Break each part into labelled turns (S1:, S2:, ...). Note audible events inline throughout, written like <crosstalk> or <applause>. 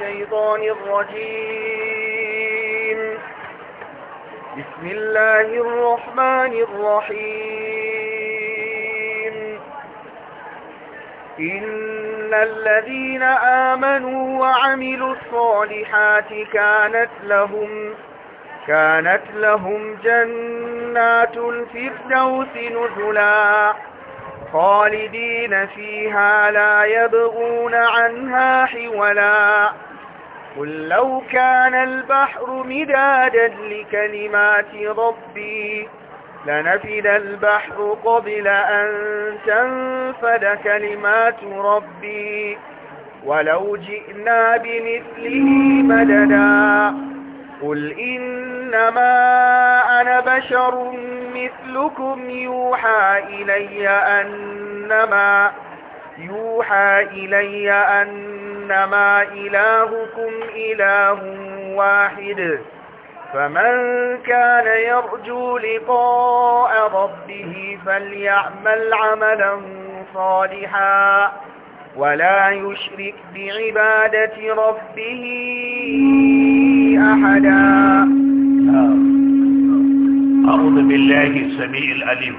S1: الشيطان الرجيم بسم الله الرحمن الرحيم إن الذين آمنوا وعملوا الصالحات كانت لهم كانت لهم جنات الفردوس نزلا خالدين فيها لا يبغون عنها حولا قل لو كان البحر مدادا لكلمات ربي لنفد البحر قبل أن تنفد كلمات ربي ولو جئنا بمثله مددا قل إنما أنا بشر مثلكم يوحى إلي أنما يوحى إلي أنما إنما إلهكم إله واحد فمن كان يرجو لقاء ربه فليعمل عملا صالحا ولا يشرك بعبادة ربه أحدا
S2: أعوذ بالله السميع العليم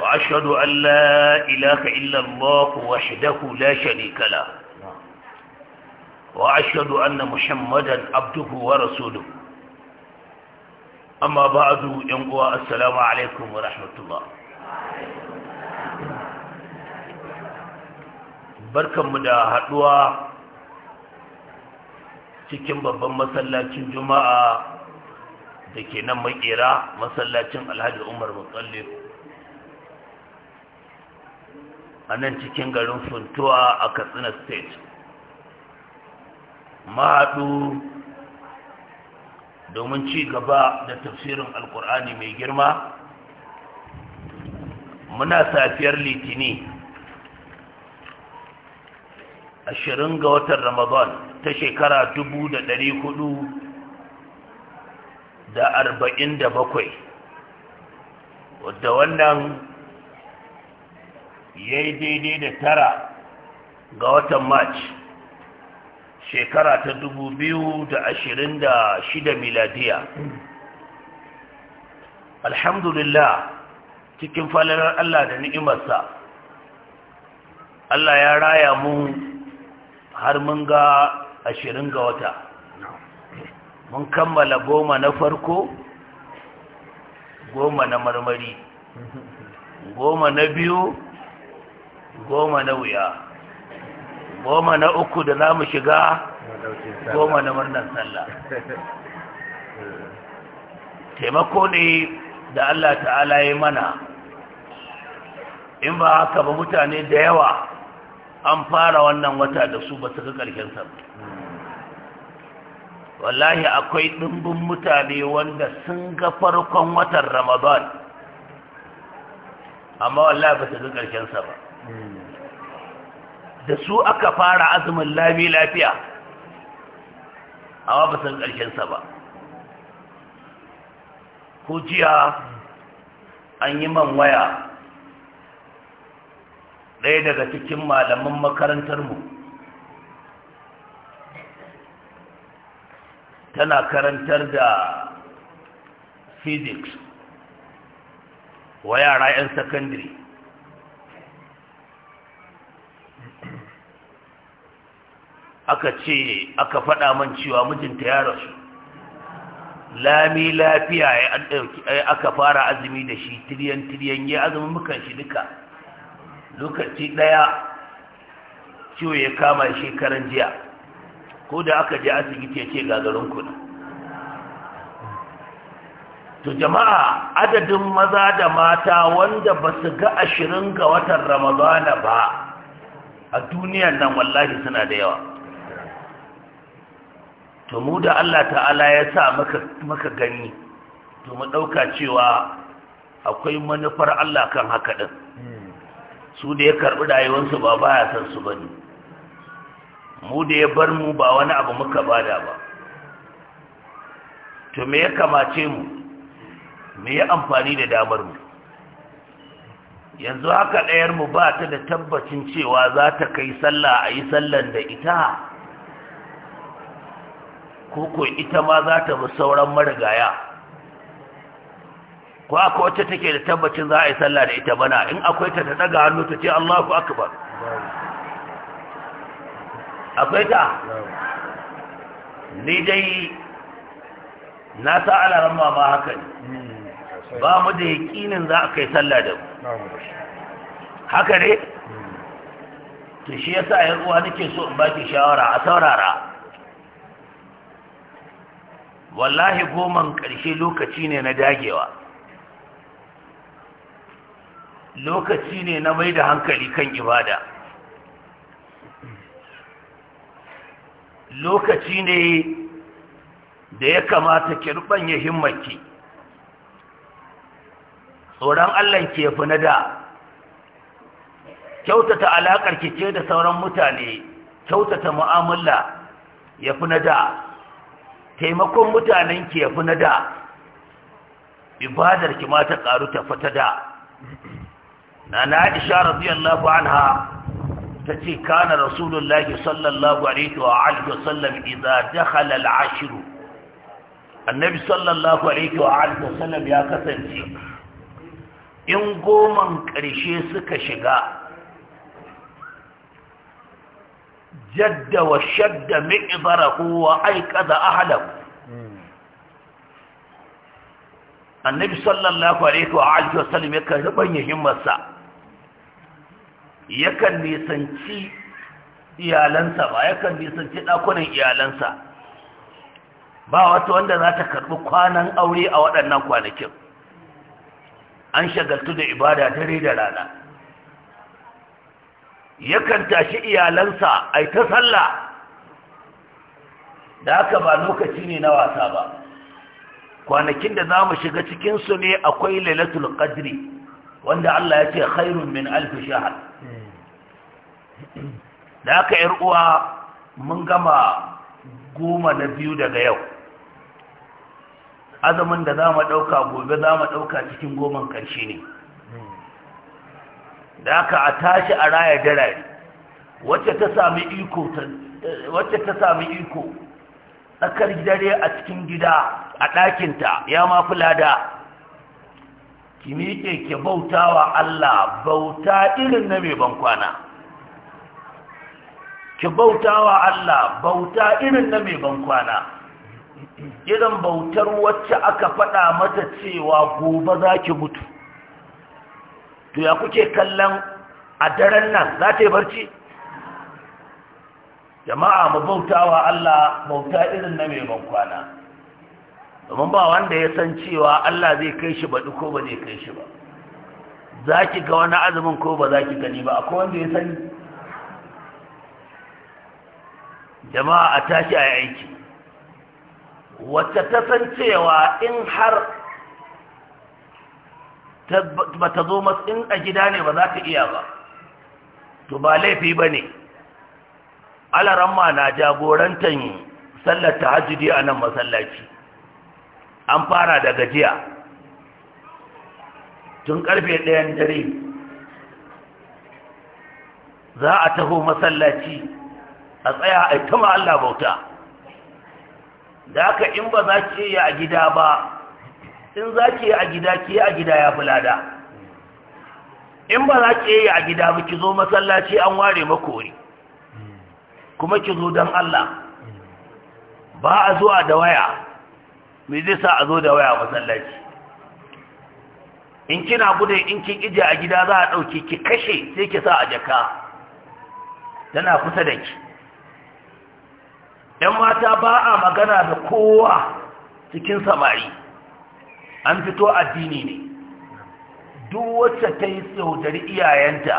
S2: وأشهد أن لا إله kala. الله وحده لا شريك له وأشهد أن محمدا عبده ورسوله أما بعد ينقوى السلام عليكم ورحمة الله barkanmu da haɗuwa cikin babban masallacin juma'a da ke nan makera masallacin alhaji umar mutsallifu a nan cikin garin funtuwa a katsina state mahaɗu domin ci gaba da tafsirin Alƙur'ani mai girma muna safiyar litini ashirin ga watan ramadan ta shekara dubu da ɗari hudu da arba'in da bakwai wadda wannan ya yi daidai da tara ga watan march shekara ta dubu biyu da ashirin da shida miladiya alhamdulillah cikin falalar Allah da ni'imarsa Allah ya raya mu har mun ga ashirin ga wata mun kammala goma na farko goma na marmari goma na biyu goma na wuya goma na uku da za mu shiga goma na murnar sallah taimako ne da Allah ta'ala ya mana in ba haka ba mutane da yawa an fara wannan wata da su ba su ga ƙarshen sa wallahi akwai ɗumbin mutane wanda sun ga farkon watan ramadan amma wallahi ba su ga ƙarshen sa ba da su aka fara azumin labi lafiya a ƙarshen ƙarshensa ba ko jiya an yi man waya ɗaya daga cikin malaman makarantarmu tana karantar da physics wa yara 'yan sakandare aka ce aka faɗa man cewa mijinta ya rasu lami lafiya ya aka fara azumi da shi tiriyan tiriyan ya azumin mukan shi duka lokaci ɗaya ciwo ya kama shekaran jiya ko da aka je asibiti ya ce gagarin kuna to jama'a adadin maza da mata wanda ba su ga ashirin ga watan ramadana ba a duniyan nan wallahi suna da yawa to mu da Allah ta'ala ya sa maka gani to mu ɗauka cewa akwai manufar Allah kan haka ɗin su da ya karɓi rayuwarsu ba ba ya san su ba ne mu da ya bar mu ba wani abu muka bada ba to me ya kamace mu me ya amfani da damar mu yanzu haka ɗayar mu ba ta da tabbacin cewa za ta kai sallah a yi sallan da ita ko ko ita ma za ta bi sauran marigaya ko akwai wacce take da tabbacin za a yi sallah da ita bana in akwai ta ta daga hannu ta ce Allahu akbar akwai ta ni dai na sa ramma ba haka ne ba mu da yakinin za a kai sallah da mu haka ne to shi yasa yan uwa nake so in baki shawara a saurara wallahi goman ƙarshe lokaci ne na dagewa lokaci ne na mai da hankali kan ibada lokaci ne da ya kamata kirban ya himmaki tsoron allon ke fi na da kyautata alaƙar kike da sauran mutane kyautata mu'amala ya fi na da taimakon mutanen ki yafi na da ibadar ki ma ta karu ta fata da nana Aisha radiyallahu anha ta ce kana rasulullahi sallallahu alaihi wa alihi wasallam idza dakhala al-ashr annabi sallallahu alaihi wa alihi wasallam ya kasance in goman ƙarshe suka shiga jadda wa shadda mi'zarahu أهله النبي صلى الله sallallahu alaihi wa alihi wa sallam yakan rubanya himmarsa yakan nisanci iyalansa ba yakan nisanci dakunan iyalansa ba wata wanda za ta karɓi kwanan aure a waɗannan kwanakin an shagaltu da ibada dare da rana yakan tashi iyalansa ai ta sallah da haka ba lokaci ne na wasa ba kwanakin da za mu shiga cikinsu ne akwai lailatul qadri wanda Allah ya ce khairun min alfi shahar da haka yar uwa mun gama goma na biyu daga yau azumin da za mu ɗauka gobe za mu ɗauka cikin goman ƙarshe ne da aka a tashi a raya darare wacce ta sami iko wacce ta sami iko tsakar dare a cikin gida a ɗakinta ya ma lada. ki miƙe ki bautawa Allah bauta irin na mai bankwana ki bautawa Allah bauta irin na mai bankwana irin bautar wacce aka faɗa mata cewa gobe za ki mutu to ya kuke kallon a daren nan za ta yi barci jama'a mu bautawa Allah bauta irin na mai bankwana domin ba wanda ya san cewa Allah zai kai shi baɗi ko ba zai kai shi ba za ki ga wani azumin ko ba za ki gani ba akwai wanda ya sani jama'a a tashi a yi aiki wacce ta san cewa in har ba ta zo masu in a gida ne ba za ta iya ba to ba laifi ba ne alaramma na jagorantar sallar ta hajjidi a nan masallaci an fara da gajiya tun karfe ɗayan dare za a taho masallaci a tsaya a tuma Allah bauta da haka in ba za ce iya a gida ba in za ki yi a gida ki yi a gida ya fi lada in ba za ki yi a gida ba ki zo masallaci an ware makori kuma ki zo don Allah ba a zuwa da waya mai zai sa a zo da waya masallaci in kina gudun in kin ije a gida za a ɗauki ki kashe sai ki sa a jaka tana kusa da ki ‘yan mata ba a magana da kowa cikin samari an fito addini ne duk wacce ta yi tsautari iyayenta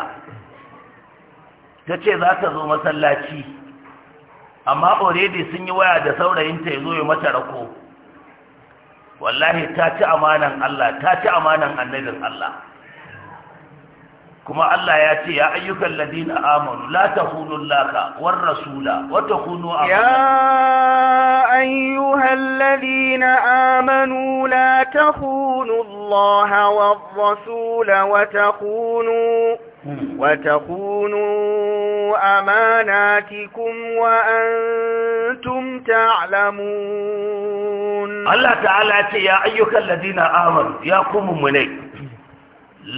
S2: ta ce za ta zo masallaci amma already sun yi waya da saurayinta ya zo ya mata rako wallahi ta ci amanan Allah ta ci amanan annabin Allah kuma Allah ya ce ya ayyukan ladina amanu la takunu laka war rasula wa takunu ya
S1: ayyuhal ladina amanu la takunu Allah war rasula wa takunu wa takunu amanatikum wa antum ta'lamun
S2: Allah ta'ala ce ya ayyukan ladina amanu ya kuma munai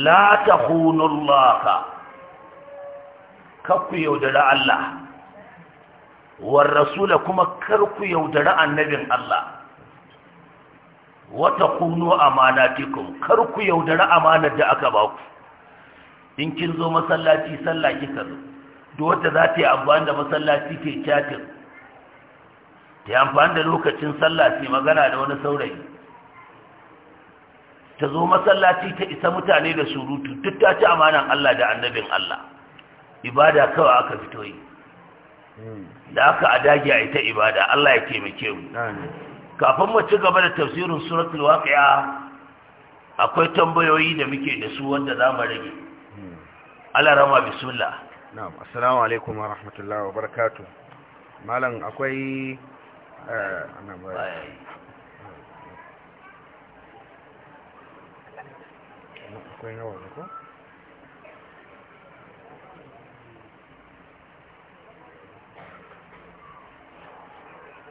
S2: la ta hunullaka ku yaudari Allah Wa rasula kuma kar ku yaudari annabin Allah wata kunu amanatikum ku yaudari amanar da aka ba ku. in kin zo masallaci sallah ka zo da wata za ta yi amfani da masallaci ke chatin ta yi amfani da lokacin sallah sai magana da wani saurayi ta zo masallaci ta isa mutane da surutu duk ta ci amanan Allah da annabin Allah ibada kawai aka fito yi da aka adage a ita ibada Allah ya taimake mu kafin mu ci gaba da tafsirin suratul waqi'a akwai tambayoyi da muke da su wanda za mu rage Allah rama bismillah
S3: na'am assalamu alaikum wa rahmatullahi wa barakatuh malam akwai eh, akwai na waje ko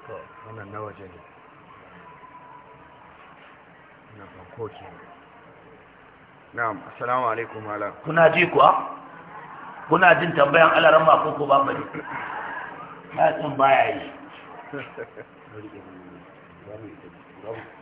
S3: to wannan na waje ne na farko ke na'am assalamu alaikum ala kuna ji
S2: kuwa kuna jin tambayan alaran ma ko
S3: ko ba bari ba tsin baya yi <laughs>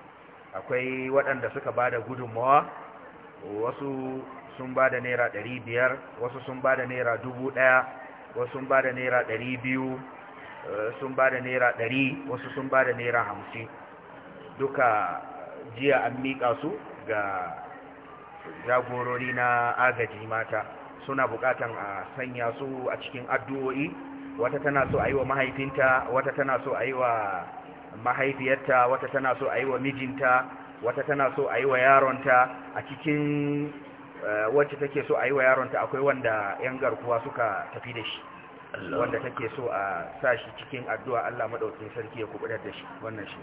S3: akwai waɗanda suka ba da gudunmawa wasu sun ba da naira ɗari biyar wasu sun ba da naira dubu ɗaya wasu sun ba da naira ɗari biyu eh, sun ba da naira ɗari wasu sun ba da naira hamsin duka eh, jiya an miƙa su ga jagorori na agaji mata suna buƙatan a sanya su a cikin addu'o'i wata tana so a yi wa mahaifinta wata tana so a yi wa mahaifiyarta wata tana so a yi wa mijinta wata tana so a yi wa yaronta a cikin eh, wacce take so a yi wa yaronta akwai wanda 'yan garkuwa suka tafi da shi wanda take so a sa shi cikin addu'a Allah maɗaukin sarki ya kubutar da shi wannan shi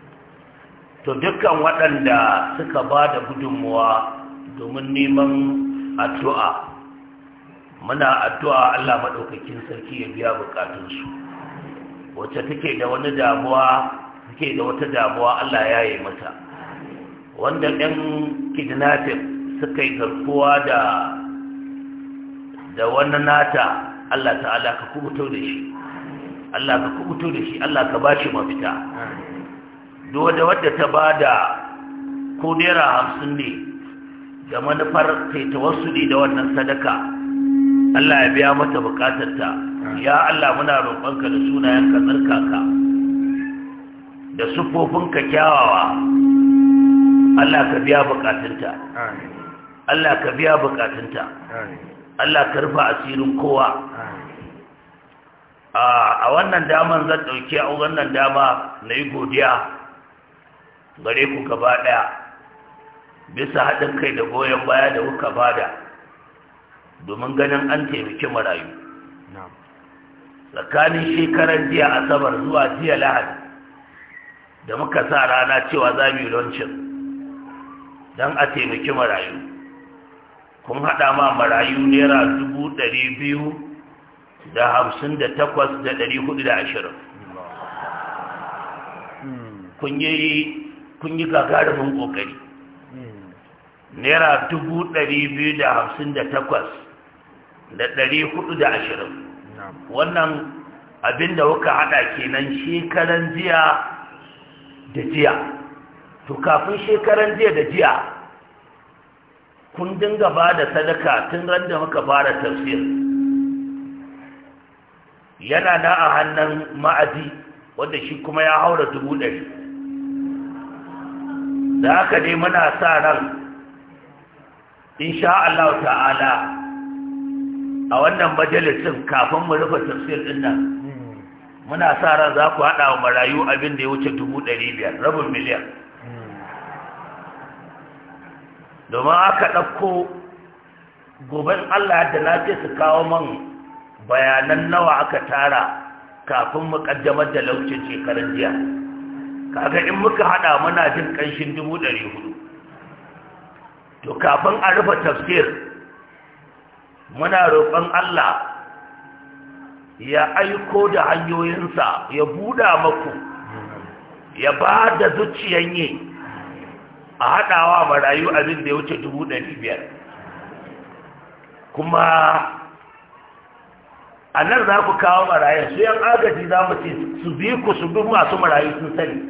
S2: to dukkan waɗanda suka ba da gudunmuwa domin neman addu'a muna addu'a Allah maɗaukakin sarki ya biya bukatunsu wacce take da wani damuwa ke da wata damuwa Allah ya yi mata wanda ɗan kidnapping suka yi garkuwa da da wani nata Allah ta'ala ka kubuto da shi Allah ka kubuto da shi Allah ka ba shi mafita dole wadda ta ba da ko naira hamsin ne da manufar kai ne da wannan sadaka Allah ya biya mata bukatarta ya Allah muna roƙonka da sunayen ka tsarkaka da sufofinka kyawawa Allah ka biya bukatunta Allah ka biya bukatunta Allah ka rufa asirin kowa a wannan daman zan dauke a wannan dama na yi godiya gare ku gaba daya bisa haɗin kai da goyon baya da kuka bada domin ganin an taimaki marayu tsakanin shekarar jiya asabar zuwa jiya lahadi da muka sa rana cewa za mu yi lancin don a taimaki marayu kun haɗa ma marayu naira dubu ɗari biyu da hamsin da takwas da ɗari hudu da ashirin kun yi gagarumin ƙoƙari naira dubu ɗari biyu da hamsin da takwas da ɗari hudu da ashirin wannan abin da kuka haɗa kenan shekaran jiya da jiya to kafin shekaran jiya da jiya kun dinga ba da sadaka tun ran da muka fara tafsir yana da a hannun ma'azi wanda shi kuma ya haura dubu ɗari da haka dai muna sa ran insha Allah ta'ala a wannan majalisin kafin mu rufe tafsir ɗin nan muna sa ran za ku haɗa wa marayu abin da ya wuce dubu ɗari biyar rabin miliyan domin aka ɗauko goben allah da na ce su kawo man bayanan nawa aka tara kafin mu ƙaddamar da laucin shekarun jiya kaga in muka haɗa muna jin ƙanshin dubu ɗari hudu to kafin a rufe tafsir muna roƙon allah ya aiko da hanyoyinsa ya buɗa maku ya ba da zuciyan yi a haɗawa marayu abin da ya wuce dubu ɗari biyar kuma a nan za ku kawo marayu su yan agaji za mu ce su bi ku su bi masu marayu sun sani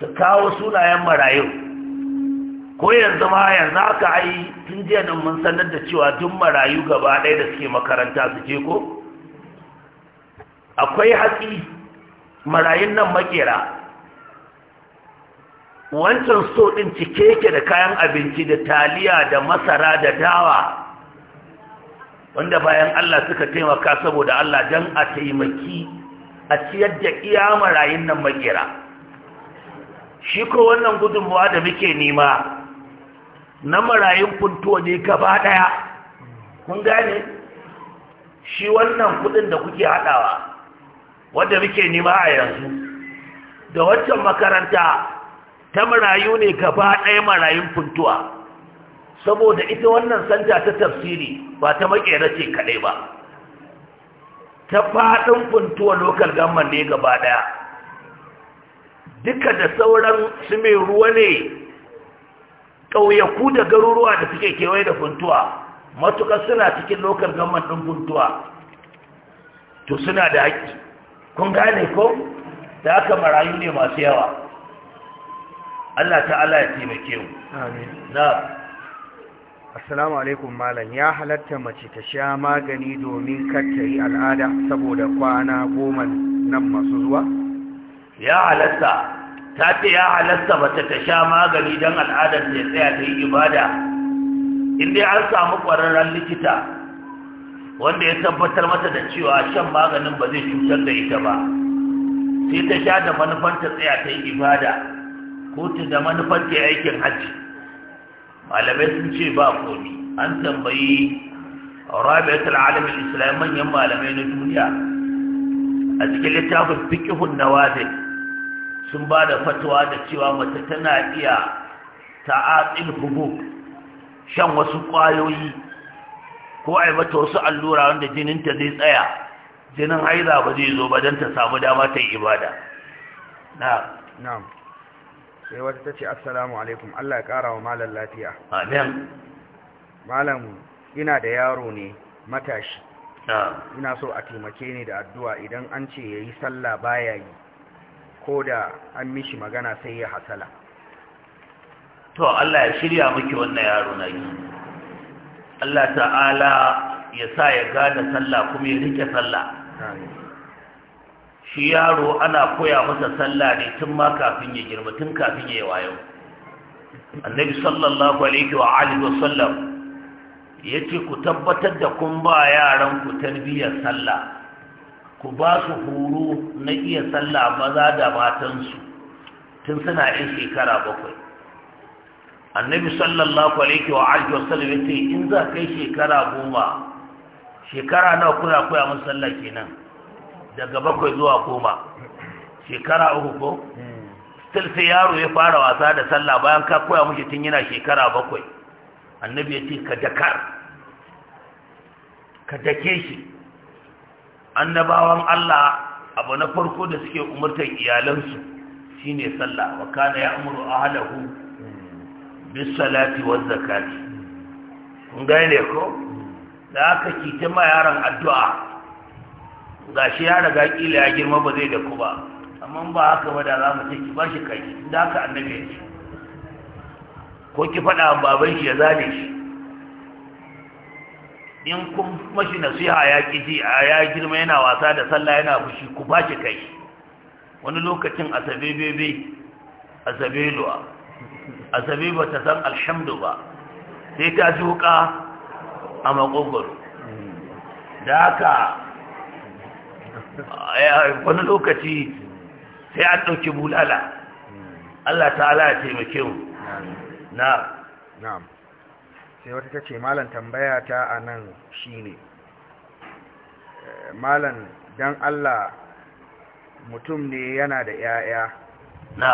S2: su kawo sunayen marayu ko yanzu ma yanzu haka ai tun jiya nan mun sanar da cewa duk marayu gaba ɗaya da suke makaranta su je ko akwai hatsi marayun nan makera wancan so ɗin cike yake da kayan abinci da taliya da masara da dawa wanda bayan Allah suka taimaka saboda Allah dan a taimaki a ciyar da iya marayun nan makera shi ko wannan gudunmuwa da muke nema na marayun funto ne gaba ɗaya kun gane shi wannan kudin da kuke haɗawa wanda muke nema a yanzu da waccan makaranta ta marayu ne gaba ɗaya marayun funtuwa saboda ita wannan santa ta tafsiri ba ta makera ce kaɗai ba ta faɗin funtuwa lokal gamman ne gaba ɗaya duka da sauran su mai ruwa ne ƙauyaku da garuruwa da suke kewaye da funtuwa matuƙa suna cikin lokal gamman ɗin funtuwa to suna da haƙƙi kun gane ko da aka marayu ne masu yawa Allah ta'ala ya taimake mu amin na
S3: assalamu alaikum malam ya halatta mace ta sha magani domin kar ta yi al'ada saboda kwana goma nan masu zuwa
S2: ya halatta ta ce ya halatta mace ta sha magani don al'adar da ya tsaya ta yi ibada in dai an samu ƙwararren likita wanda ya tabbatar mata da cewa shan maganin ba zai cutar da ita ba sai ta sha da manufan ta tsaya ta yi ibada ko ta da manufan ta aikin hajji malamai sun ce ba komi an tambayi ta alamin islam manyan malamai na duniya a cikin littafin na nawazil sun ba da fatawa da cewa mace tana iya ta'atsin hubu shan wasu ƙwayoyi. ko a yi mata wasu allura wanda jininta zai tsaya jinin haiza ba zai zo ba don ta samu dama ta yi ibada
S3: na'am sai wata ta ce assalamu alaikum Allah ya kara wa malam lafiya amin malam ina da yaro ne matashi ina so a taimake ni da addu'a idan an ce ya yi sallah baya yi ko da an mishi magana sai ya hasala
S2: to Allah ya shirya miki wannan yaro na yi Allah ta'ala ya sa ya gane sallah kuma ya rike sallah shi yaro ana koya masa sallah ne tun ma kafin ya girma tun kafin ya yi wayo annabi sallallahu alaihi wa alihi wasallam ya ce ku tabbatar da kun ba yaran ku tarbiyyar sallah ku ba su horo na iya sallah maza da matansu tun suna 'yan shekara bakwai annabi sallallahu alaihi wa alihi wasallam yace in za kai shekara goma shekara nawa kuna koya mun sallah kenan daga bakwai zuwa goma shekara uku ko still sai yaro ya fara wasa da sallah bayan ka koya mushi tun yana shekara bakwai annabi yace ka dakar ka dake shi annabawan Allah abu na farko da suke umurtar iyalansu shine sallah wa kana ya'muru ahlahu bisalati wa zakati kun gane ko da aka kita ma yaron addu'a gashi ya daga kila ya girma ba zai da ku ba amma ba haka ba da za mu ki ba shi kai da haka annabi shi ko ki faɗa baban shi ya zane shi in kun mashi nasiha ya kiji a ya girma yana wasa da sallah yana fushi ku ba shi kai wani lokacin asabe bebe asabe luwa azabi ba ta san alhamdu ba sai ta zuƙa a makogoro da haka eh, wani lokaci sai an ɗauki bulala Allah ta'ala ya taimake mu na na'am
S3: sai wata ta ce malam tambaya ta a nan shi ne. Eh, malam dan Allah mutum ne yana da 'ya'ya na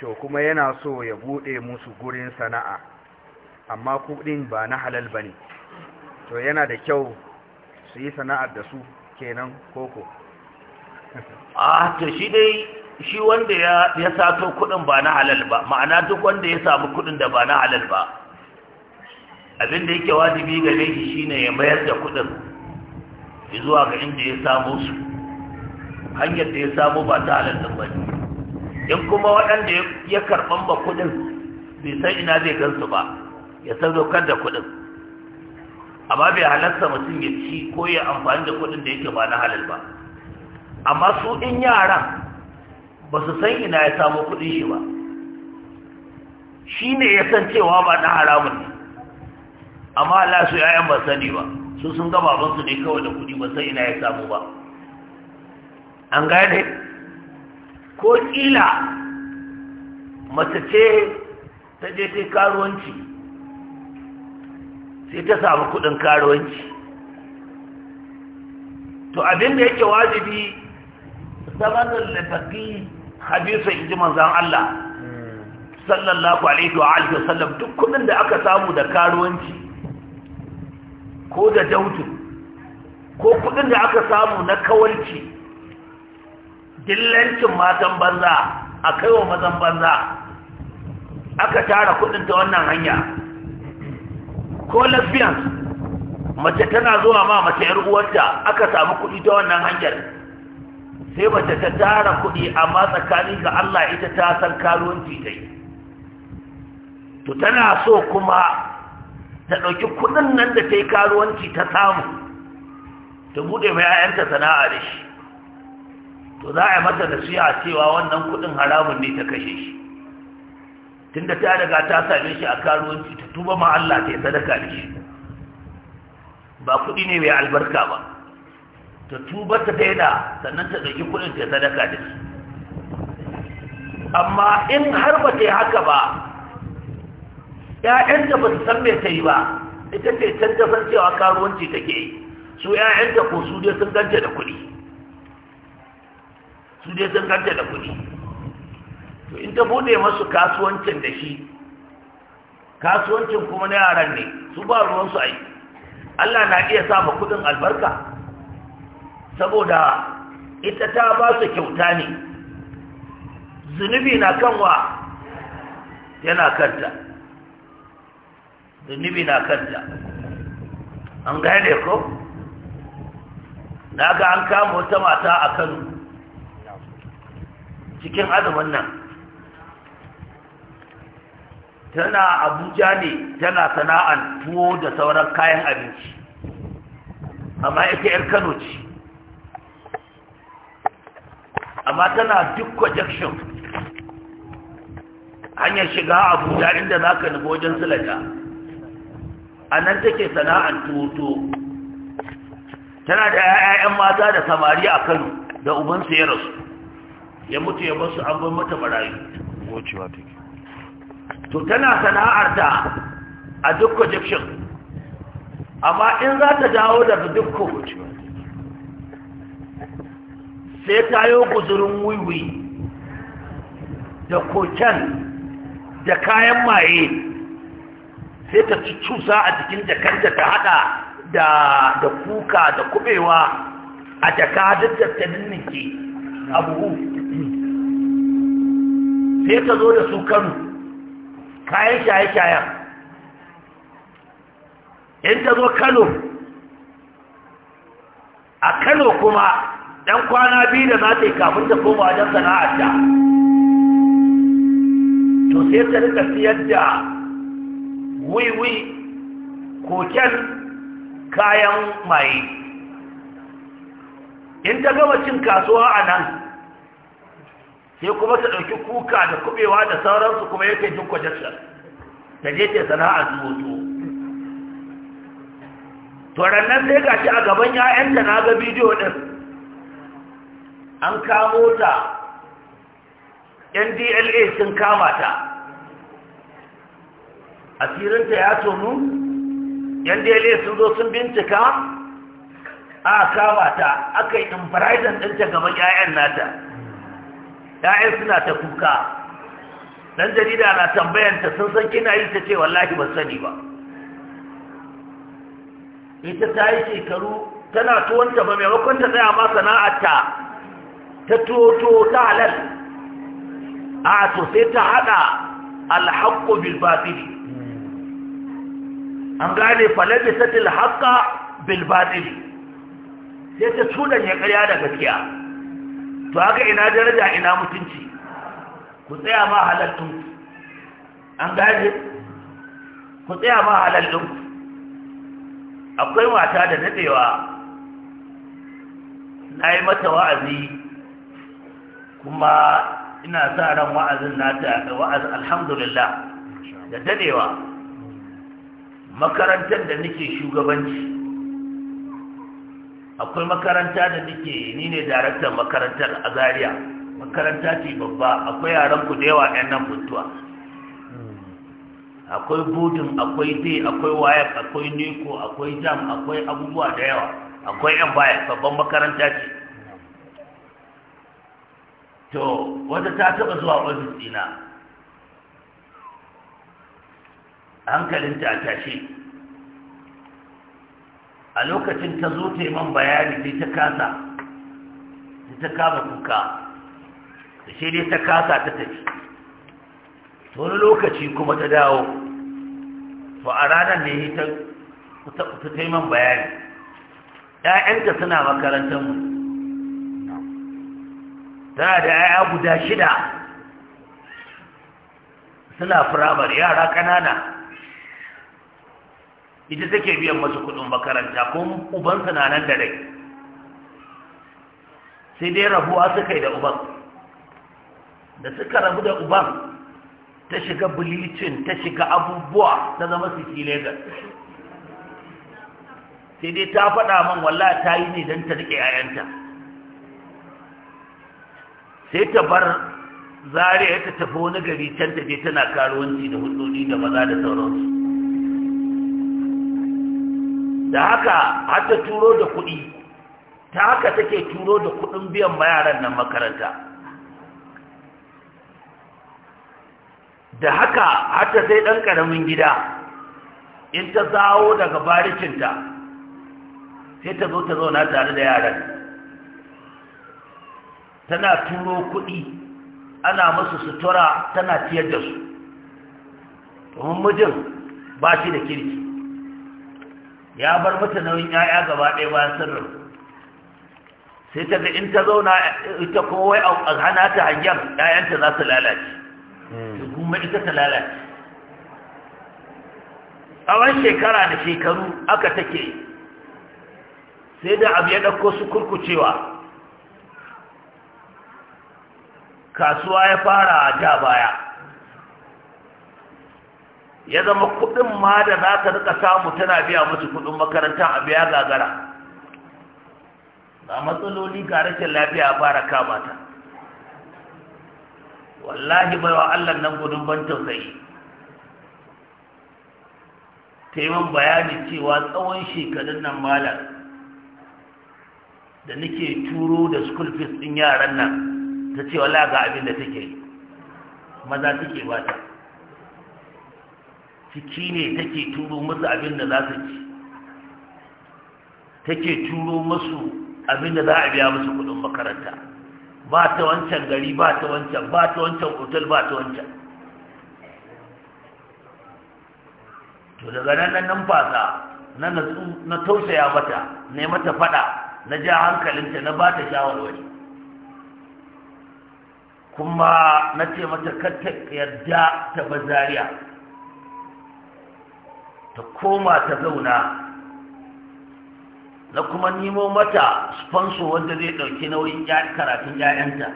S3: to kuma yana so ya buɗe musu gurin sana'a amma kuɗin ba na halal ba to yana da kyau su yi sana'ar da su kenan koko
S2: ah to shi dai shi wanda ya sato kuɗin ba na halal ba ma'ana duk wanda ya samu kuɗin da ba na halal ba abin da yake wajibi ga shi shine ya mayar da kuɗin zuwa ga inda ya samu su hanyar da ya samu ba ta halal ba in kuma waɗanda ya karɓan ba kuɗin bai san ina zai gansu ba ya san dokar da kuɗin amma bai halarta mutum ya ci ko ya amfani da kuɗin da yake ba na halal ba amma su in yaran ba su san ina ya samu kuɗin shi ba shi ne ya san cewa ba na haramun ne amma Allah su yayan ba sani ba su sun ga su ne kawai da kuɗi ba san ina ya samu ba an gane ko ƙila mace ce ta je ta karuwanci sai ta samu kuɗin karuwanci to abin da yake wajibi zamanin lafafi habisa in ji manzan Allah sallallahu alaihi wa alihi wasallam duk kudin da aka samu da karuwanci ko da dautu ko kudin da aka samu na kawalci dillancin matan banza a kai mazan banza aka tara kudin ta wannan hanya ko lesbians mace tana zuwa ma mace yar uwarta aka samu kudi ta wannan hanyar sai mace ta tara kudi amma tsakanin ga Allah ita ta san karuwanci ta yi to tana so kuma ta ɗauki kudin nan da ta yi karuwanci ta samu ta buɗe mai 'ya'yanta sana'a da shi to za a yi mata nasiha cewa wannan kudin haramun ne ta kashe shi tunda ta daga ta same shi a karuwanci ta tuba ma Allah ta yi sadaka da shi ba kudi ne mai albarka ba ta tuba ta daina sannan ta zaki kudin ta sadaka da shi amma in har ba ta yi haka ba ‘ya'yanta ba su san mai ta yi ba ita ce can ta san cewa karuwanci take yi su ‘ya'yanta ko su dai sun ganta da kuɗi su dai sun ganta da kuɗi to in ta bude masu kasuwancin da shi kasuwancin kuma na yaran ne su ba ruwansu ai Allah na iya sa kuɗin albarka saboda ita ta ba su kyauta ne zunubi na kanwa yana kanta zunubi na kanta an gane ko na ga an kama wata mata a kano cikin azumin nan tana abuja ne tana sana'an tuwo da sauran kayan abinci amma ita 'yar kano ce amma tana duk kwajakshin hanyar shiga abuja inda za ka nufi wajen silata a nan take sana'an tuwo tana da 'ya'yan mata da samari a kano da ubansu ya rasu ya mutu ya basu an bar mata marayu. wucewa take to tana sana'arta a dukko egyptian amma in za ta dawo daga dukko sai ta yi guzurin wiwi da koken da kayan maye sai ta ci cusa a cikin jakanta ta hada da da kuka da kubewa a jaka duk da ta ninninki abu sai ka zo da su kano kayan shaye-shayen in ta zo kano a kano kuma ɗan kwana biyu da za ta yi kafin ta koma wajen sana'ar ta to sai ta rika siyar da wiwi koken kayan maye in ta gama cin kasuwa a nan sai kuma ta ɗauki kuka da kubewa da sauransu kuma yake jin kwajakshan da je sana'a zuwoto to Turannan sai gashi a gaban 'ya'yanta na ga bidiyo ɗin an kamo ta ndla sun kama ta asirinta ya tonu ndla sun zo sun bincika a kama ta aka yi ɗin ɗinta gaban 'ya'yan nata ya'yan suna ta kuka dan jarida na tambayanta sun san kina yi ta ce wallahi ba sani ba ita ta yi shekaru tana tuwanta ba maimakon ta tsaya ma sana'arta ta toto ta halal a to sai ta hada alhaqqu bil an gane falabisatil haqqa bil batil sai ta cudan ya ƙarya da gaskiya to haka ina daraja ina mutunci ku tsaya ma halallun an gaje ku tsaya ma halallun akwai mata da dadewa na yi mata wa'azi kuma ina sa ran wa'azin nata wa'az alhamdulillah da dadewa makarantar da nake shugabanci akwai makaranta da nake ni ne daraktan makarantar a zaria makaranta ce babba akwai yaran ku da yawa yan nan mutuwa akwai budin akwai dai akwai wayak akwai neko akwai jam akwai abubuwa da yawa akwai yan baya babban makaranta ce to wata ta taba zuwa ofis dina hankalinta a tashe a lokacin ta zo ta yi man bayani sai ta kasa sai ta kama kuka da shi dai ta kasa ta tafi wani lokaci kuma ta dawo to a ranar ne ta ta yi man bayani ‘ya'yanta suna makarantar mu tana da ‘ya'ya guda shida suna firamare yara ƙanana ita take biyan masu kudin makaranta ko ubansa na nan da rai sai dai rabuwa suka yi da uban da suka rabu da uban ta shiga bilicin ta shiga abubuwa ta zama su ki legas sai dai ta faɗa man walla ta yi ne don ta riƙe yayanta sai ta bar zariya ta tafi wani gari can ta je tana karuwanci da hudodi da maza da sauransu da haka har turo da kuɗi ta haka take turo da kuɗin biyan mayaran nan makaranta da haka har ta sai ɗan ƙaramin gida in ta zawo daga barikinta sai ta zo ta zauna tare da yaran tana turo kuɗi ana masu sutura tana ciyar da su domin mijin ba shi da kirki ya bar mata nauyin yaya gaba ɗaya bayan sirrin sai ta in ta zauna ita kowai wai a hana ta hanyar yayanta za su lalace hmm. kuma ita ta lalace A wani shekara da shekaru aka take sai da abu ya ɗauko su kurkucewa kasuwa ya fara da baya ya zama kuɗin ma da za ka rika samu tana biya musu kuɗin makaranta a biya gagara ba matsaloli ga rashin lafiya a fara kama ta wallahi bai wa allah nan gudun ban tausayi ta yi bayani cewa tsawon shekarun nan malam da nake turo da school fees ɗin yaran nan ta ce wala ga abin da take yi maza take ba ta ciki ne take turo musu abin da za su ci take turo musu abin da za a biya musu kudin makaranta ba ta wancan gari ba ta wancan ba ta wancan otal ba ta wancan to daga nan nan numfasa na na tausaya mata ne mata fada na ja hankalinta na ba ta shawarwari kuma na ce mata kar ta yarda ta bazariya ta koma ta zauna na kuma nemo mata sponsor wanda zai ɗauki nauyin karatun 'ya'yanta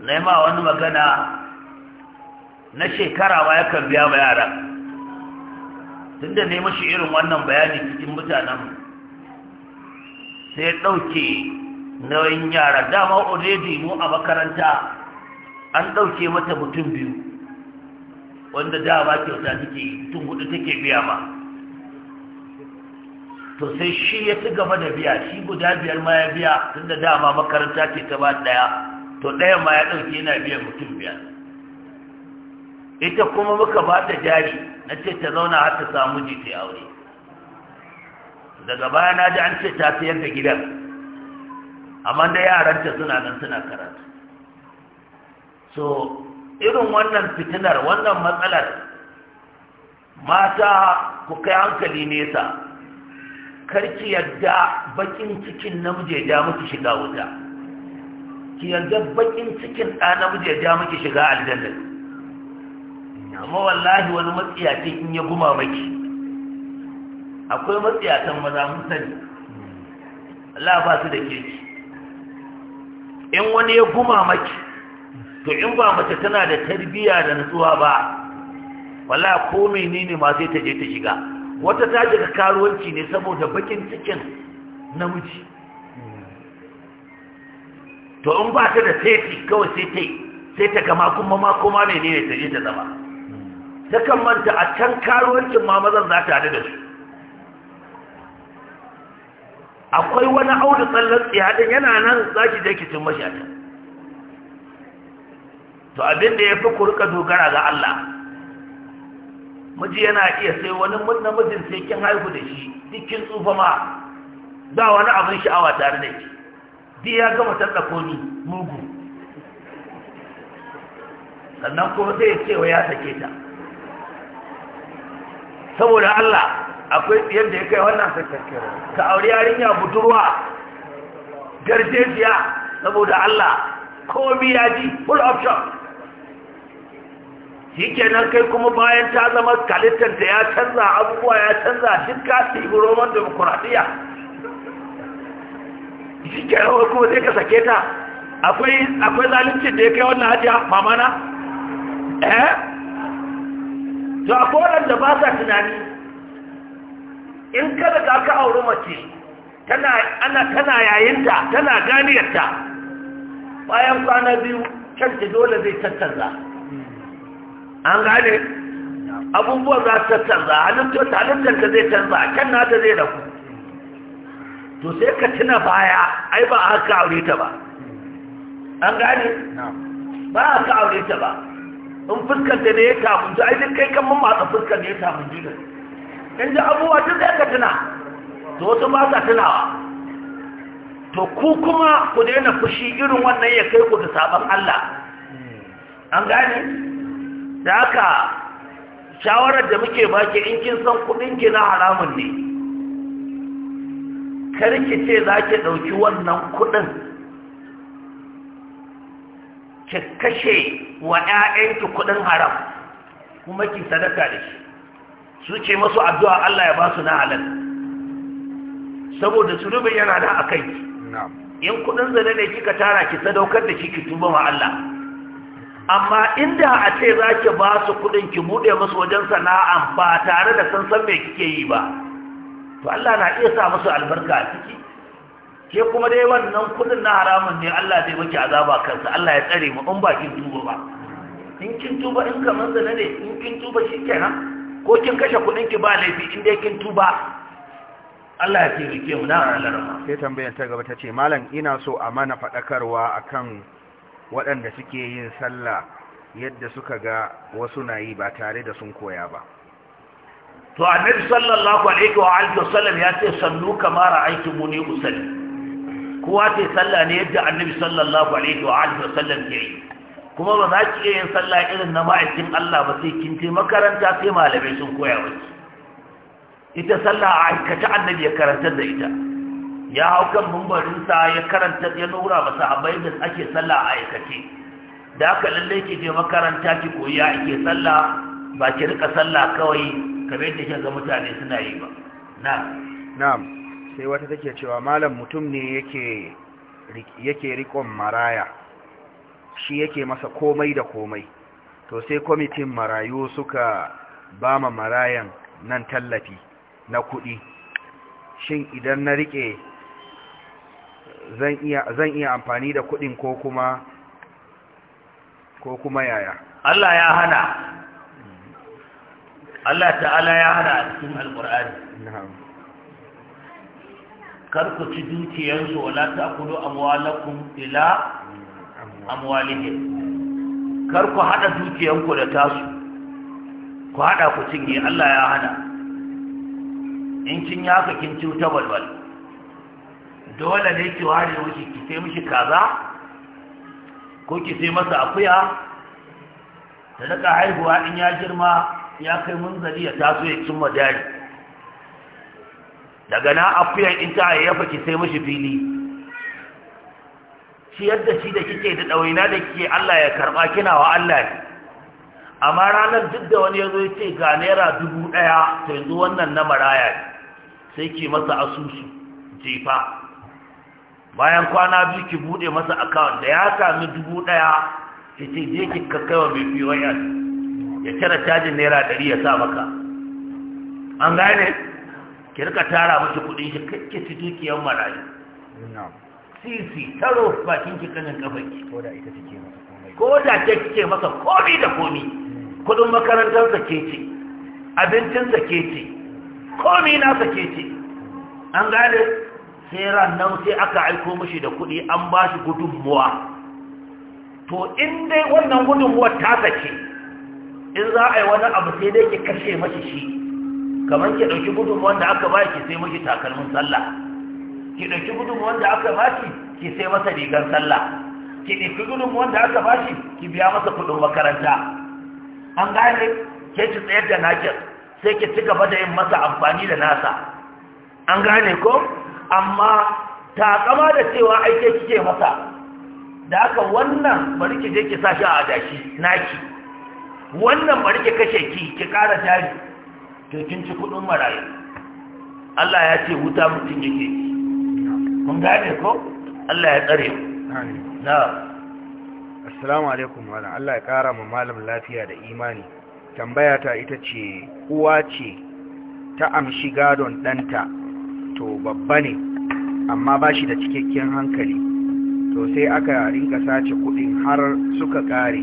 S2: na ma wani magana na shekara ba yakan biya ba yara tun da nemi shi irin wannan bayani cikin mutanen sai ɗauke nauyin yara dama already mu a makaranta an ɗauke mata mutum biyu wanda da ba kyauta take tun hudu take biya ma to sai shi ya ci gaba da biya shi guda biyar ma ya biya tun da dama makaranta ce ta ba daya to ɗaya ma ya ɗauki yana biyan mutum biyar ita kuma muka ba ta jari na ce ta zauna har ta samu ji ta aure daga baya na ji an ce ta sayar da gidan amma da yaranta suna nan suna karatu so irin wannan fitinar wannan matsalar mata ku kai hankali nesa karki yadda bakin cikin namiji ya miki shiga wuta ki yadda bakin cikin ɗa namiji ya miki shiga aljanna amma wallahi wani matsiyaci in ya guma maki akwai matsiyatan maza mun sani Allah ba su da kirki in wani ya guma maki to in ba mace tana da tarbiya da nutsuwa ba wala ko menene ma sai ta je ta shiga wata ta shiga karuwanci ne saboda bakin cikin namiji to in ba ta da teti kawai sai ta sai ta gama kuma ma kuma menene ta je ta zama ta kan manta a can karuwancin ma mazan za ta da su akwai wani audu tsallon tsiyadan yana nan zaki ki je ki cin mashi a can to abin da ya fi ku rika dogara ga Allah miji yana iya sai wani namijin sai kin haihu da shi dukkin tsufa ma ba wani abin sha'awa tare da shi di ya gama tallafo ni mugu sannan kuma zai ce wa ya sake ta saboda Allah akwai yadda ya kai wannan ka aure yarinya budurwa garjejiya saboda Allah komi ya ji full option shi kenan kai kuma bayan ta zama kalitanta ya canza abubuwa ya canza shi ka su roman demokuraɗiyya shi kenan kuma sai ka sake ta akwai zalincin da ya kai wannan hajiya mamana eh to a koran da ba sa tunani in ka daga ka auri mace tana yayinta tana ganiyarta bayan kwana biyu canta dole zai tattanza an gane abubuwan za su canza halittar halittarka zai canza a kan nata zai ku to sai ka tuna baya ai ba a ka aure ta ba an gane ba a ka aure ta ba in fuskanta ne ya kamun ai duk kai kan a fuskar ne ya kamun ji in ji abubuwa duk zai ka tuna to wasu ba sa tunawa to ku kuma ku daina fushi irin wannan ya kai ku da sabon Allah hmm. an gane da haka shawarar da muke baki in kin san kudin ki na haramun ne kar ki ce za ki ɗauki wannan kudin ki kashe wa 'ya'yanki kudin haram kuma ki sadaka da shi su ce masu addu'a Allah ya ba su na halal saboda sunubin yana da a kai in kudin zane ne kika tara ki sadaukar da shi ki tuba wa Allah amma inda a ce za ki ba su kudin ki buɗe musu wajen sana'a ba tare da san san me kike yi ba to Allah na iya sa musu albarka a ciki ke kuma dai wannan kudin na haramun ne Allah zai miki azaba kansa Allah ya tsare mu in ba kin tuba ba in kin tuba in ka zana ne in kin tuba shikenan ko kin kashe kudin ki ba laifi in dai kin tuba Allah ya taimake mu na alarma
S3: sai tambayar ta gaba ta ce malam ina so a mana faɗakarwa akan waɗanda suke yin sallah yadda suka ga wasu na yi ba tare da sun koya ba to annabi sallallahu alaihi wa alihi wasallam ya ce sallu kama muni
S2: usalli kowa ce salla ne yadda annabi sallallahu alaihi wa alihi wasallam ya yi kuma ba za ki iya yin sallah irin na ma'aikin Allah ba sai kin makaranta sai malamai sun koya miki ita sallah a aikata annabi ya karantar da ita ya hau kan mumbarinsa ya karanta ya nura masa abai da ake sallah a aikace da aka lalle ki je makaranta ki koya ake sallah ba ki rika sallah kawai kamar yadda ke ga mutane suna yi ba na'am
S3: na'am sai wata take cewa malam mutum ne yake yake rikon maraya shi yake masa komai da komai to sai kwamitin marayu suka ba ma marayan nan tallafi na kuɗi shin idan na rike zan iya zan iya amfani da kuɗin ko kuma ko kuma yaya Allah ya hana
S2: Allah ta'ala ya hana a cikin alqur'ani na'am kar ku ci dukiyansu wala ta'kulu amwalakum ila amwalihim kar ku hada dukiyanku da tasu ku hada ku cinye Allah ya hana in kin yaka kin ci ta balbal dole ne ki ware mishi ki sai mishi kaza ko ki sai masa akuya da daga haihuwa in ya girma ya kai munzali ya taso ya cimma dari daga na akuyan in ta yayyafa ki sai mishi fili shi yadda shi da kike da ɗawaina da kike Allah ya karɓa kina wa Allah amma ranar duk da wani ya yace ce ga naira dubu ɗaya to yanzu wannan na maraya sai ke masa asusu jefa bayan kwana biyu ki bude masa account da ya sami dubu daya ki ce je ki kakkaiwa mai POS ya cire cajin naira dari ya sa maka an gane ki rika tara miki kuɗin shi kake ci dukiyar marayu sisi taro bakin ki kanin ki ko da ita take masa ko da ke kike masa komi da komi hmm. kudin sa ke ce sa ke ce komi sa ke ce an gane sai rannan sai aka aiko mashi da kuɗi an ba shi gudunmuwa to in dai wannan gudunmuwar ta ce in za a yi wani abu sai dai ki kashe mashi shi kamar ki ɗauki gudunmuwan da aka ba ki sai mashi takalmin sallah ki ɗauki gudunmuwan da aka ba ki ki sai masa rigar sallah ki ɗauki gudunmuwan da aka ba shi ki biya masa kuɗin makaranta an gane ke ci tsayar da nakin sai ki ci gaba da yin masa amfani da nasa an gane ko amma kama da cewa aike kike masa da aka wannan bari ki je ki sashi a adashi naki wannan bari ki kashe ki ki ƙara jari to kin ci kuɗin marayu Allah ya ce wuta mutum yake mun gane ko Allah ya tsare mu na
S3: assalamu alaikum wala Allah ya kara ma malam lafiya da imani tambaya ta ita ce uwa ce ta amshi gadon ɗanta to babba ne amma ba shi da cikakken hankali to sai aka rinka sace kudin har suka kare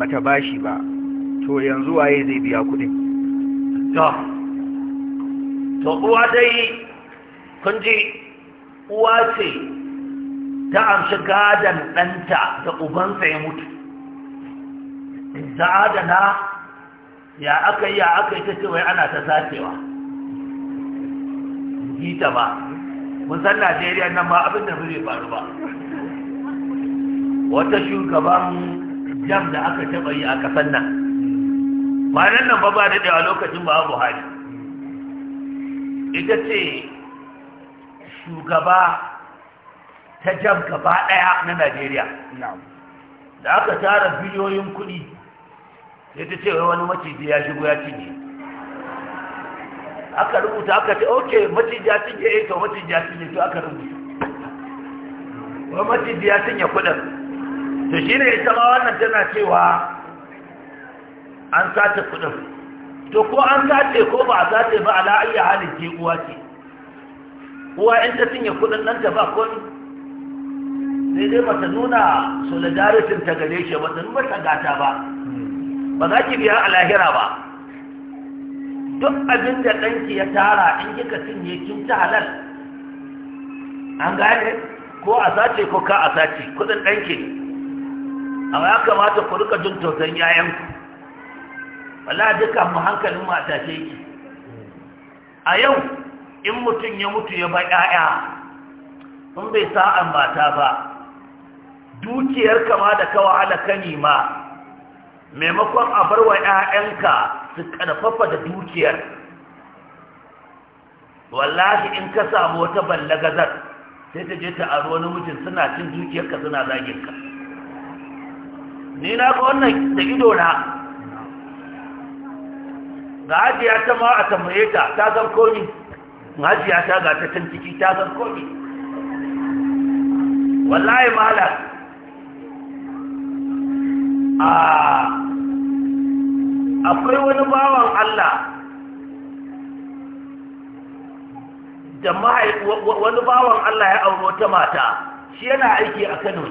S3: bata ba shi ba to yanzu waye zai biya kudin to to
S2: uwa dai kun ji uwa ce ta amshi gadon ɗanta da ubansa ya mutu da adana ya aka yi ya aka ta ce wai ana ta sacewa yi ta ba mun san najeriya nan ma abin da bai faru ba wata shugaban jam da aka taba yi a kasar nan ma nan nan ba ba da a lokacin ba buhari ita ce shugaba ta jam gaba ɗaya na najeriya da aka tara biliyoyin kuɗi ita ce wani maciji ya shigo ya cinye aka rubuta aka ce ok macijiya cinye eh to macijiya yi to aka rubuta wani macijiya yi kudin to shi ne ita ma wannan tana cewa an sace kudin to ko an sace ko ba a sace ba ala ayya halin ke uwa ce uwa in ta sun yi kudin nan ta ba kudin sai dai ta nuna solidaritin ta gare shi ba ta nuna ta gata ba ba za ki biya a lahira ba duk abin da ɗanki ya tara in kika cinye kin ci halal an gane ko a sace ko ka a sace kudin ɗanki amma ya kamata ku rika jin tausayin yayanku wala duka mu hankalin mata ce ki a yau in mutum ya mutu ya ba ƴaƴa in bai sa'an mata ba dukiyar kama da kawa halaka ma maimakon a bar wa 'ya'yanka su karfafa da dukiyar wallahi in ka samu wata gazar sai ta je ta aro wani mijin suna cin dukiyar ka suna zagin ka ni na ga wannan da ido na ga hajiya ta ma a tambaye ta ta zan komi hajiya ta ga ta can ciki ta zan komi wallahi malam a ah. akwai wani bawan Allah da wani bawan Allah ya auro ta mata shi yana aiki a Kano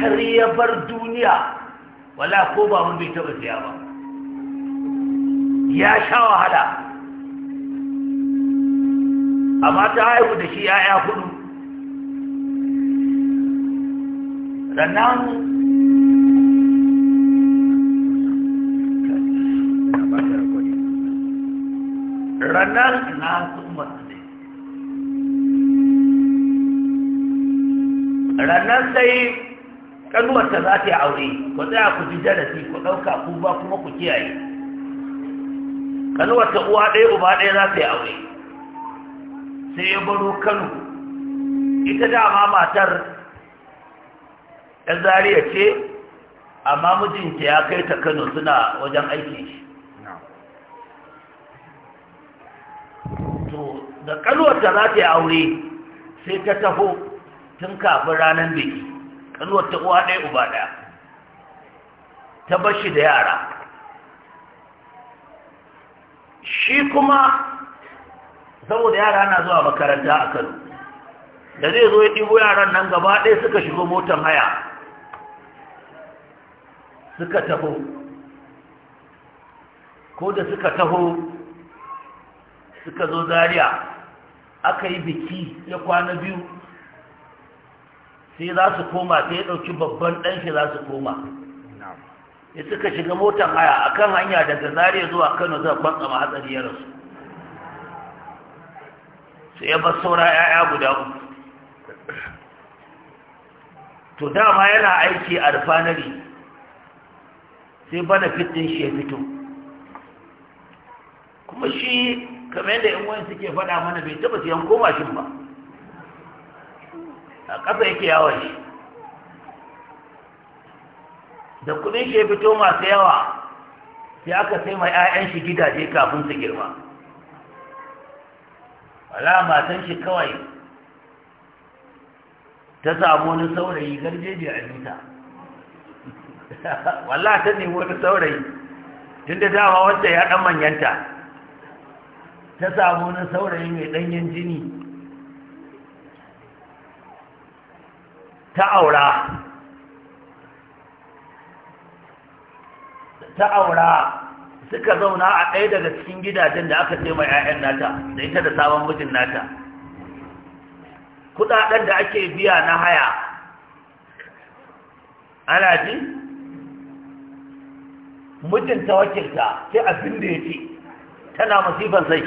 S2: har ya bar duniya wala ko ba mun bai taba siya ba ya sha wahala amma ta haihu da shi ya'ya hudu sannan ranar na sun matsu ranar sai ƙanuwarta za ta yi aure ku tsaya ku ji darasi ku ɗauka ku ba kuma ku kiyaye Ƙanuwarta uwa ɗaya uba ɗaya za ta yi aure sai ya baro kano ita dama matar ɗan zariya ce amma mijinta ya kai ta kano suna wajen aiki shi wadda za ta yi aure sai ta taho tun kafin ranar biki kanuwar ta uwa ɗaya uba ɗaya ta bar shi da yara shi kuma saboda yara na zuwa makaranta a kano da zai zo ya ɗibo yaran nan gaba ɗaya suka shigo motan haya suka taho ko da suka taho suka zo zariya aka yi biki ya kwana biyu sai za su koma sai ya ɗauki babban ɗanshi za su koma ya suka shiga motar haya a kan hanya daga zariya zuwa kano zai banka ma hatsari ya rasu sai ya bar saura 'ya'ya guda uku to dama yana aiki a rufanari sai bana fitin shi ya fito kuma shi kamar yadda yan wani suke faɗa mana bai taɓa siyan koma shi ba a ƙasa yake yawon shi da kuɗin shi ya fito masu yawa sai aka sai mai 'ya'yan shi gidaje kafin su girma wala matan shi kawai ta samu wani saurayi garjeji a juta <laughs> wala ta nemi wani saurayi tun da dama wanda ya ɗan manyanta ta samu na saurayi mai ɗanyen jini ta aura ta aura suka zauna a ɗaya daga cikin gidajen da aka ce mai 'ya'yan nata da ita da sabon mijin nata kudaden da ake biya na haya ana ji mijinta wakilta sai abin da ya ce tana masifar sai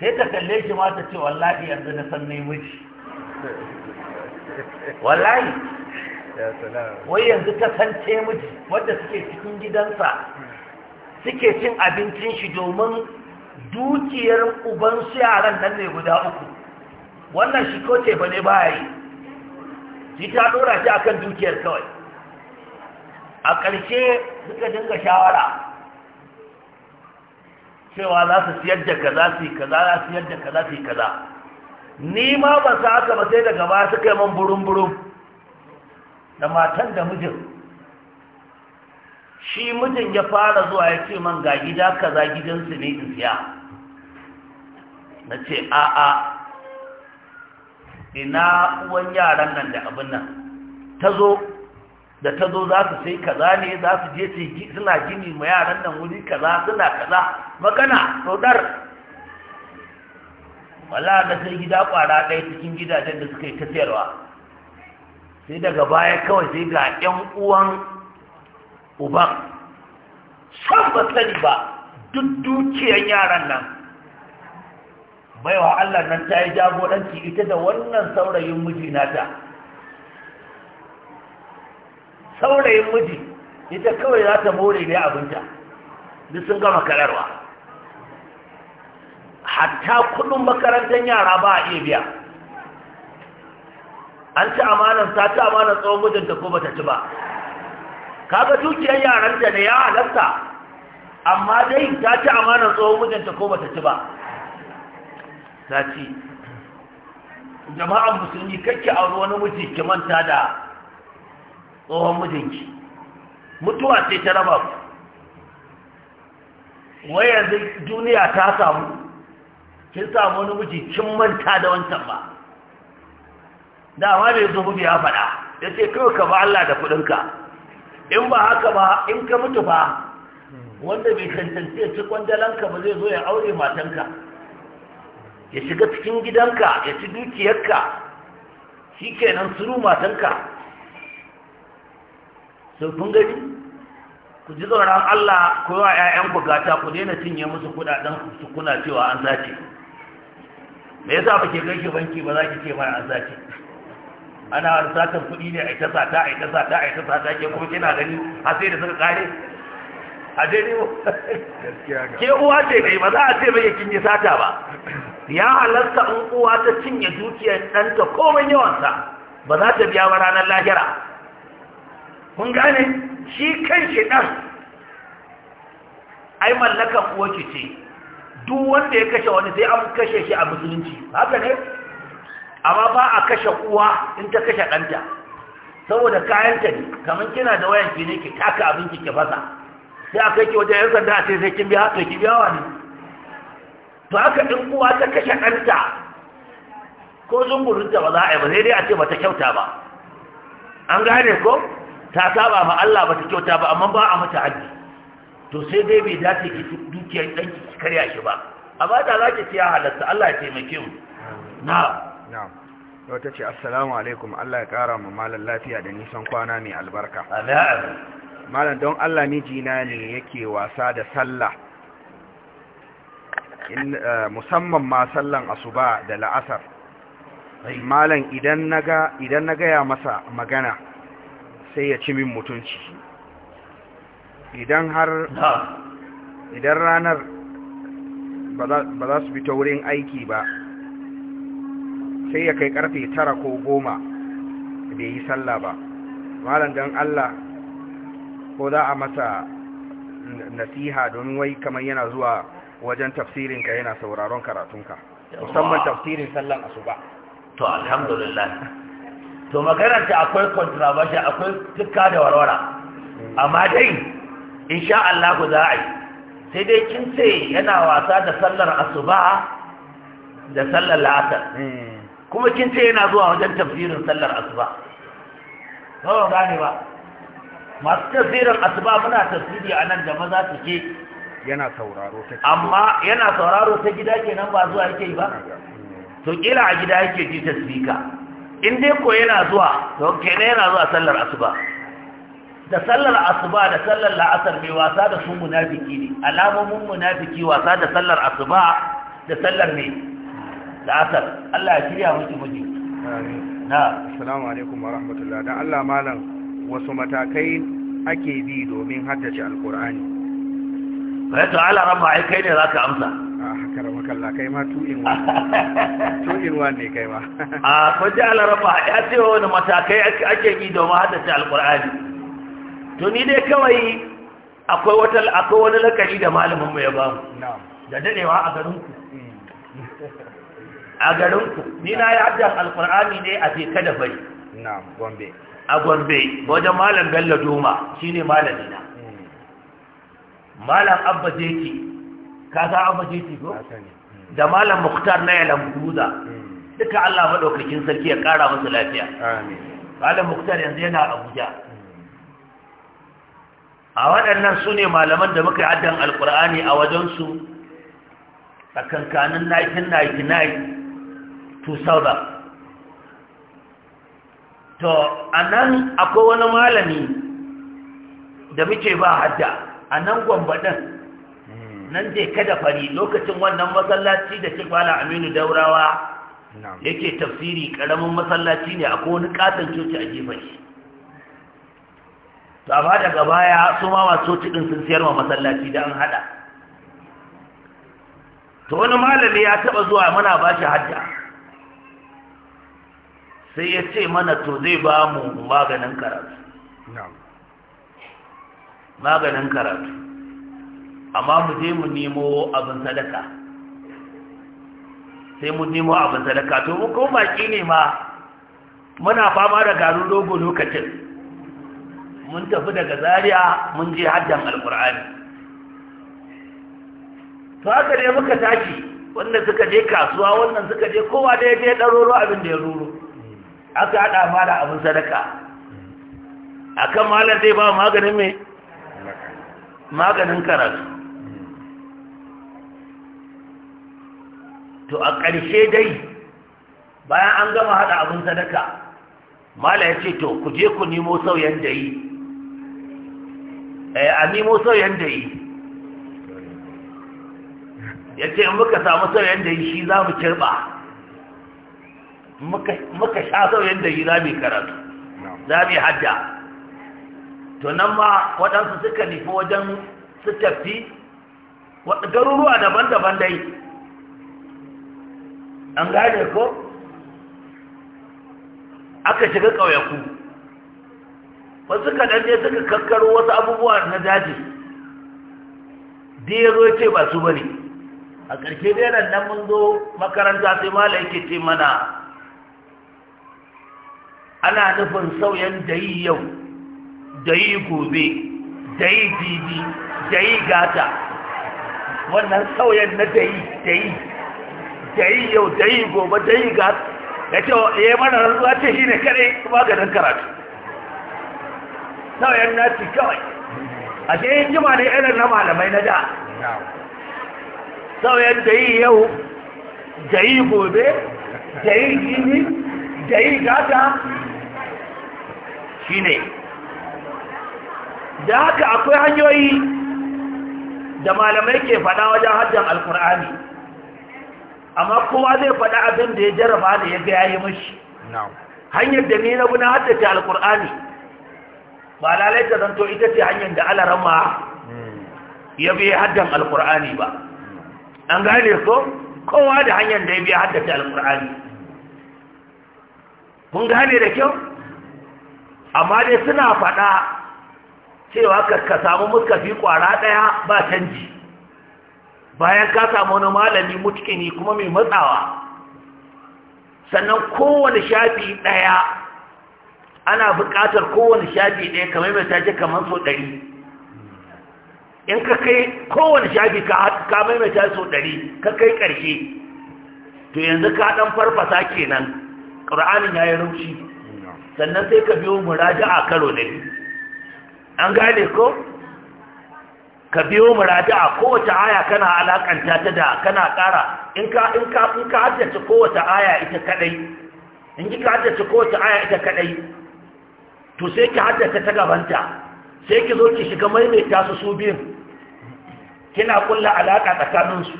S2: sai ta kalle shi ma ta ce wallahi yanzu na san nemi
S4: wallahi
S2: wai yanzu ta san miji wadda suke cikin gidansa suke cin abincin shi domin dukiyar uban su yaran nan ne guda uku wannan shi ko ba ne ba yi shi ta dora shi akan dukiyar kawai a ƙarshe suka dinga shawara cewa za su siyar da kaza su yi kaza za su siyar da kaza su yi kaza ni ma ba su haka ba sai daga ba su kai man burum-burum da matan da mijin shi mijin ya fara zuwa ya ce man ga gida kaza gidansu ne in siya na ce a'a ina uwan yaran nan da abin nan ta zo da ta zo za su sai kaza ne za su je su suna gini ma yaran nan wuri kaza suna kaza magana saudar wala da sai gida kwara ɗaya cikin gidajen da suka yi ta sayarwa sai daga baya kawai sai ga 'yan uwan uban san ba sani ba duk dukiyan yaran nan baiwa Allah nan ta yi jagoranci ita da wannan saurayin mijinata saurayin miji ita kawai za ta more ne abinta duk sun gama kararwa hatta kudin makarantar yara ba a iya biya an ci amanar ta ci amanar tsawon mijinta ko bata ci ba kaga dukiyar yaran da ya halatta amma dai ta ci amanar tsawon mijinta ko bata ci ba ta ci jama'an musulmi kake auri wani miji ki manta da tsohon mijinki mutuwa ce ta raba ku wai yanzu duniya ta samu kin samu wani miji kin manta da wancan ba dama bai zo hudu ya faɗa ya ce kawai ka ba Allah da kuɗinka in ba haka ba in ka mutu ba wanda bai ya ci kwandalanka ba zai zo ya aure matanka ya shiga cikin gidanka ya ci dukiyarka shi kenan suru matanka to kun gani ku ji tsoron Allah ku wa 'ya'yanku gata ku daina cinye musu kudaden su kuna cewa an sace me yasa ba ke kai ki banki ba za ki ce mai an sace ana satan kuɗi ne a ita sata a ita sata a ita sata ke kuma kina gani a sai da suka kare a ne ke uwa ce bai ba za a ce bai kin yi sata ba ya halasta in uwa ta cinye dukiyar ɗanta komai yawansa ba za ta biya ba ranar lahira mun gane shi kan shi ɗan ai mallakan uwace ce duk wanda ya kashe wani sai an kashe shi a musulunci haka ne amma ba a kashe uwa in ta kashe ɗanta saboda kayanta ne kamar kina da wayan ki ne ki taka abin ki fasa sai a kai ki wajen yan sanda a ce sai kin biya to ki biya wani ne to haka in uwa ta kashe ɗanta ko zungurinta ba za a yi ba sai dai a ce ba ta kyauta ba an gane ko ta saba ma Allah ba ta kyauta ba amma ba a mata haddi to sai dai bai dace ki dukiyar ɗanki ki karya shi ba a ba da za ki halatta Allah ya taimake mu na Na
S3: wata ce assalamu alaikum Allah ya kara mu malam lafiya da nisan kwana mai albarka malam don Allah mijina ne yake wasa da sallah eh, musamman ma sallan asuba da la'asar malam idan na gaya masa magana sai ya ci min mutunci idan har idan ranar ba za su bi ta wurin aiki ba sai ya kai karfe tara ko goma bai yi sallah ba malam don allah ko za a masa nasiha don wai kamar yana zuwa wajen tafsirin ka yana sauraron karatunka musamman tafsirin sallan asuba
S2: to alhamdulillah to makaranta akwai controversial akwai tukka da warwara amma dai insha Allah ku za a yi sai dai kin ce yana wasa da sallar asuba da sallar la'asar kuma kin ce yana zuwa wajen tafsirin sallar asuba kawai gane ba masu tafsirin asuba muna tafsiri a nan da maza su ke yana sauraro ta amma yana sauraro ta gida kenan ba zuwa yake yi ba to kila a gida yake ji tasbika in dai ko yana zuwa don kenan yana zuwa sallar asuba da sallar asuba da sallar la'asar mai wasa da sun munafiki ne alamomin munafiki wasa da sallar asuba da sallar mai la'asar Allah ya shirya miki
S3: miji na assalamu alaikum wa rahmatullah dan Allah malam wasu matakai ake bi domin haddace alqur'ani fa ta'ala rabba ai kai ne zaka amsa haka ah, rama kalla kai ma tu'in wa tu'in wa ne kai ma a <laughs> ah, kwaji
S2: alarama ya ce wani matakai ake yi domin haddace alkur'ani to ni dai kawai akwai wani lakari da malamin mu ya ba mu da dadewa a garin
S4: ku mm. a garin
S2: ku ni na yi haddace alkur'ani ne a teka da bai a gombe wajen malam bello doma shi ne malamina, mm. malam abba zeki kaga an bace shi ko hmm. da malam muktar na lambu da hmm. duka Allah maɗaukakin sarki ya ƙara masa lafiya malam muktar yanzu yana Abuja hmm. a waɗannan su ne malaman da muka yi addan alkur'ani a wajensu kankanin 1999 to sauda to a nan akwai wani malami da muke ba hadda a nan ɗan. nan zai kada fari lokacin wannan masallaci da ce kwala aminu daurawa yake tafsiri karamin masallaci ne a koWani katon coci a gefen shi ta ba daga baya su ma masu coci din sun siyar wa masallaci da an hada to wani malami ya taba zuwa mana ba shi hajja sai ya ce mana to zai ba mu maganin karatu maganin karatu amma mu je mu nemo abin sadaka sai mu nemo abin sadaka to mu ko baki ne ma muna fama da garin dogo lokacin mun tafi daga Zariya mun je haddan alkur'ani to haka ne muka tashi wanda suka je kasuwa wannan suka je kowa da ya je roro abin da ya roro aka haɗa ma da abin sadaka akan malam zai ba maganin mai maganin karatu to a ƙarshe dai bayan an gama haɗa abin sadaka mala ya ce to ku je ku nemo sauyan da yi eh, a nemo sauyan da yi ya ce in muka samu sauyan da yi shi za mu kirɓa muka sha sauyan da yi za mu yi karatu za mu yi hadda to nan ma waɗansu suka nufi wajen su tafi garuruwa daban-daban dai an gane ko aka shiga ƙauyaku wasu kaɗan ne suka kankaro wasu abubuwa na daji da ya zo ce ba su bane a ƙarshe da nan mun zo makaranta sai mala yake ce mana ana nufin sauyan dayi yau dayi gobe dayi jibi dayi gata wannan sauyan na dayi dayi ta yi yau ta yi gobe ta yi ga ya ce ya yi eh, mana rantsuwa ce shi ne kare maganin karatu nau'yan nati kawai a ce yin jima ne irin na malamai na da sauyan da yi yau da yi gobe da yi gini da yi gata shi ne da haka akwai hanyoyi da malamai ke faɗa wajen hajjan alkur'ani amma kowa zai faɗa abin da ya jaraba da ya ga yayi mashi hanyar da ni na bi hadda ta ba lalai ta zanto ita ce hanyar da alarama ya bi haddan alkur'ani ba an gane so kowa da hanyar da ya bi ta alkur'ani kun gane da kyau amma dai suna faɗa cewa ka samu muskafi kwara ɗaya ba canji bayan ka samu wani malami mutkini kuma mai matsawa sannan kowane shafi ɗaya ana buƙatar kowane shafi ɗaya kamar mai tace kamar so ɗari in ka kai kowane shafi ka mai mai tace so ɗari ka kai ƙarshe to yanzu ka ɗan farfasa kenan ƙar'anin ya yi raushi mm, sannan sai ka biyo muraja a karo da an gane ko ka biyo murada kowace aya kana alakanta ta da kana ƙara in ka in ka in ka haddace kowace aya ita kadai in ki haddace kowace aya ita kadai to sai ki haddace ta gabanta sai ki zo ki shiga maimaita su su biyun kina kulla alaka tsakanin su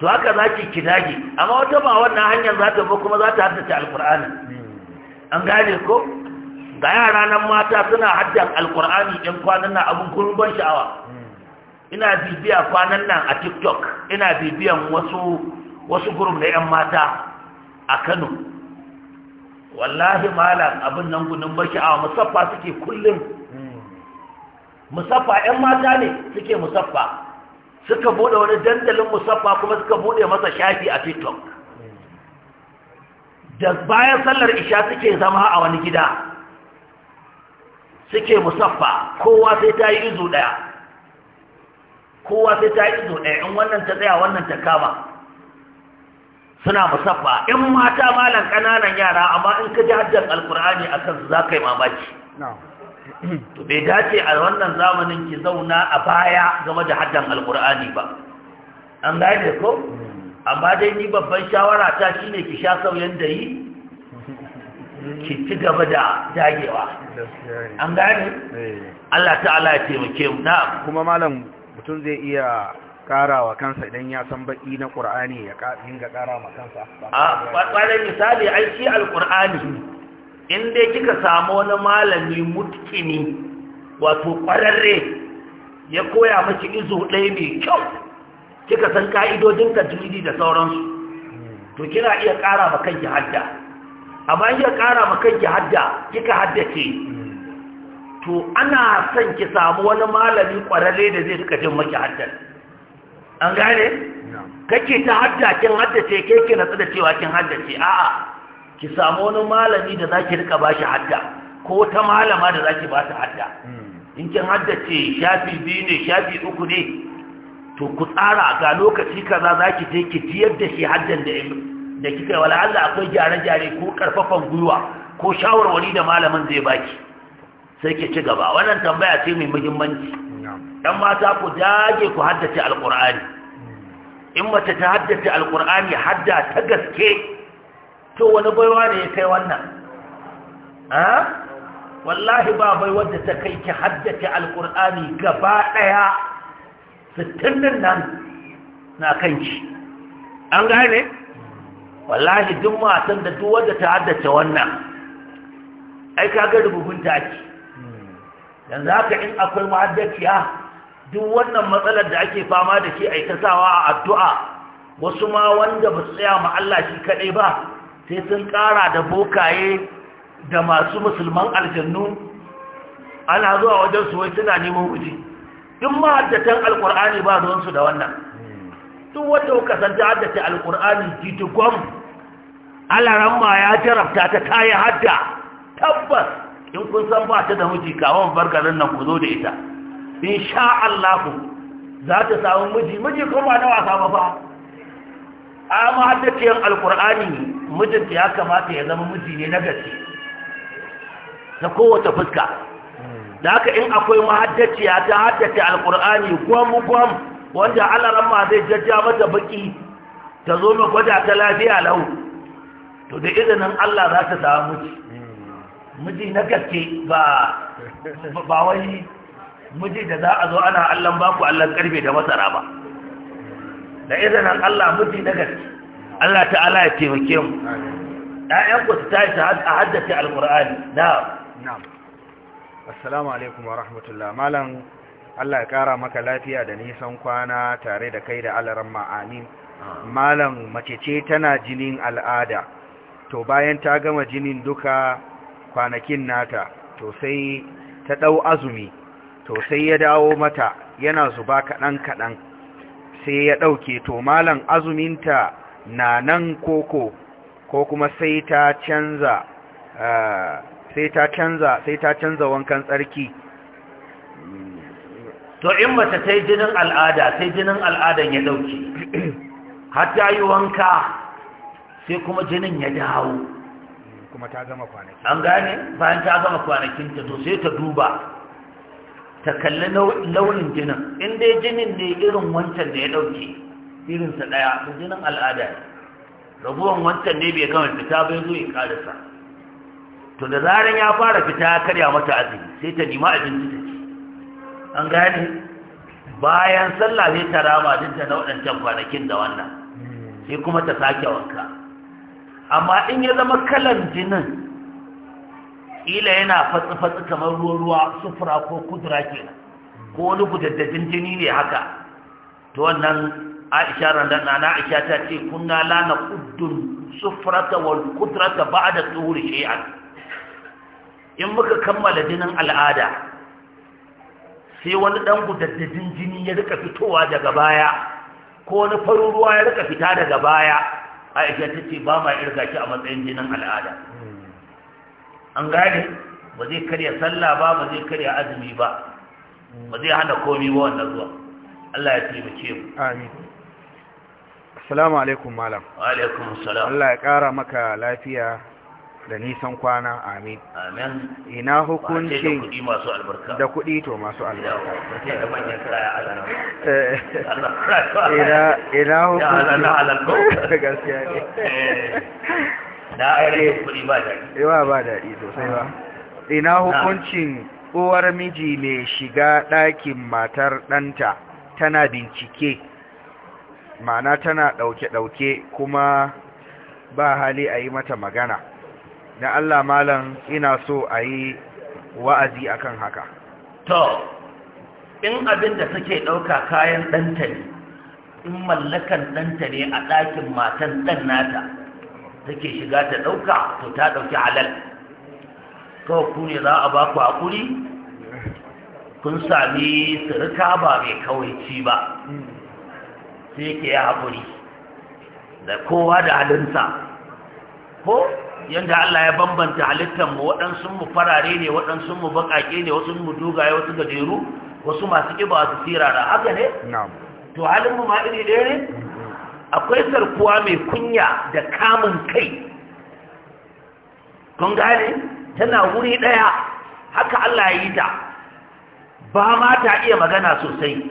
S2: to haka zaki ki dage amma wata ba wannan hanyar za ta bi kuma za ta haddace alqur'ani an gane ko ga yara nan mata suna haddan alkur'ani ɗin kwanan nan abin kurin ban sha'awa ina bibiya kwanan nan a tiktok ina bibiyan wasu wasu gurum na 'yan mata a kano wallahi malam abin nan gudun ban sha'awa musaffa suke kullum musaffa 'yan mata ne suke musaffa suka bude wani dandalin musaffa kuma suka bude masa shafi a tiktok da bayan sallar isha suke zama a wani gida suke musaffa kowa sai ta yi izu ɗaya kowa sai ta yi izu ɗaya in wannan ta tsaya wannan ta kama suna musaffa in mata malan ƙananan yara amma in ka ji hajjar alkur'ani a kansu za ka yi mamaki to bai dace a wannan zamanin ki zauna a baya game da hajjar alkur'ani ba an gane ko hmm. amma dai ni babban shawara ta shine ki sha sauyan da yi ki ci gaba da dagewa an gani eh. Allah ta'ala ya taimake mu na
S3: kuma malam mutum zai iya karawa kansa idan ya san baki na qur'ani ya dinga kara ma kansa a
S2: kwatsare misali ai shi alqur'ani in dai kika samu wani malami mutkini wato kwararre ya koya miki izu ɗaya mai kyau kika san ka'idodin tajwidi da sauransu hmm. to kina iya kara ma kanki hadda amma in ya kara ma kanki hadda kika haddace to ana son ki samu wani malami kwararre da zai rika jin maki haddar an gane kake ta hadda kin haddace ke ki na tsada cewa kin haddace a'a ki samu wani malami da zaki rika bashi hadda ko ta malama da zaki ba ta hadda hmm. in kin haddace shafi biyu ne shafi uku ne to ku tsara ga lokaci kaza zaki je ki jiyar da shi haddan da da kika wala Allah akwai gyare-gyare ko karfafan gwiwa ko shawarwari da malamin zai baki sai ki ci gaba wannan tambaya ce mai muhimmanci dan mata ku dage ku haddace alqur'ani in mace ta haddace alqur'ani hadda ta gaske to wani baiwa ne ya kai wannan wallahi ba bai wanda ta kai ki haddace alqur'ani gaba daya sittin nan na kanki an gane wallahi duk matan da duk wanda ta haddace wannan ai ga rububun ta yanzu haka in akwai muhaddaciya duk wannan matsalar da ake fama da shi ai sawa a addu'a wasu ma wanda ba su tsaya ma Allah shi kaɗai ba sai sun kara da bokaye da masu musulman aljannu ana zuwa wajen su wai suna neman wuce in ma haddatan alkur'ani ba ruwansu da wannan duk wanda kuka ta haddace alkur'ani titikon alaran ya jarabta ta ta yi hadda tabbas in kun san ba ta da miji kawon bargarin nan ku zo da ita in sha Allah za ta samu miji miji kuma na wasa ba fa amma haddaciyar alkur'ani mijinta ya kamata ya zama miji ne na gaske da kowace fuska da haka in akwai mahaddaciya ta haddace alkur'ani gwam-gwam wanda alaramma zai jajja mata baki ta zo mu gwada ta lafiya lau to da izinin Allah za ta samu miji miji na gaske ba ba wai miji da za a zo ana Allah baku, ku karfe da masara ba da izinin Allah miji na gaske Allah ta'ala ya taimake mu ƴaƴan ku ta yi a haddace alqur'ani na'am
S4: Na.
S3: assalamu alaikum wa rahmatullah malam Allah ya kara maka lafiya da nisan kwana tare da kai da alaran ma'ani malam mace ce tana jinin al'ada to bayan ta gama jinin duka kwanakin nata to sai ta ɗau azumi to sai ya dawo mata yana zuba kaɗan kaɗan sai ya ɗauke to malam azuminta na nan koko ko kuma sai ta canza eh, sai ta canza sai ta canza wankan tsarki
S2: to in mace ta yi jinin al'ada sai jinin al'adan ya ɗauki. har ta yi wanka sai kuma jinin ya dawo
S3: kuma ta gama kwanaki
S2: an gane bayan ta gama kwanakin ta to sai ta duba ta kalli launin jinin in dai jinin ne irin wancan da ya ɗauke irinsa ɗaya da jinin al'ada ne raguwan wancan ne bai gama fita bai zo ya ƙarasa to da zaran ya fara fita ya karya mata azumi sai ta nima abinci ta an gane bayan sallah zai ta rama dinta na waɗancan kwanakin da wannan sai kuma ta sake wanka amma in ya zama kalan jinin ila yana fatsi-fatsi kamar ruwa-ruwa sufura ko kudura kenan ko wani gudaddajin jini ne haka to wannan aisha randan na aisha ta ce kunna la na kuddun wa wal kudrata ba'da tsohuri shay'an in muka kammala jinin al'ada sai wani dan gudaddadin jini ya rika fitowa daga baya ko wani farin ruwa ya rika fita daga baya aisha ta ce ba ma irga shi a matsayin jinin al'ada an gane ba zai karya sallah ba ba zai karya azumi ba ba zai hana komi ba wannan zuwa Allah ya taimake mu
S3: amin assalamu alaikum malam wa alaikum assalam Allah ya kara maka lafiya da nisan kwana amin ina hukuncin da kuɗi to masu albarka
S2: eh. ina hukuncin <laughs> gaskiya ne eh. na ayyar eh. kuɗi ba
S3: daɗi yawa ba daɗi sosai ba ina hukuncin uwar miji mai shiga ɗakin matar ɗanta tana bincike ma'ana tana ɗauke-ɗauke kuma ba hali a yi mata magana Na Allah malam ina so a yi wa'azi akan haka
S2: to in abin da suke ɗauka kayan ɗanta ne in mallakan ɗanta ne a ɗakin matan ɗan nata take shiga ta ɗauka to ta ɗauki halal kawai ku ne za a ba ku haƙuri kun sami sirika ba mai kawai ba sai ke ya haƙuri da kowa da halinsa ko Yadda Allah ya bambanta halittar mu waɗansu mu farare ne waɗansu mu baƙaƙe ne wasu mu dogaye wasu gajeru wasu masu ƙiba su sirara haka ne to halin mu ma iri ɗaya ne akwai sarkuwa mai kunya da kamun kai kun gane tana wuri ɗaya haka Allah ya yi ta ba ma ta iya magana sosai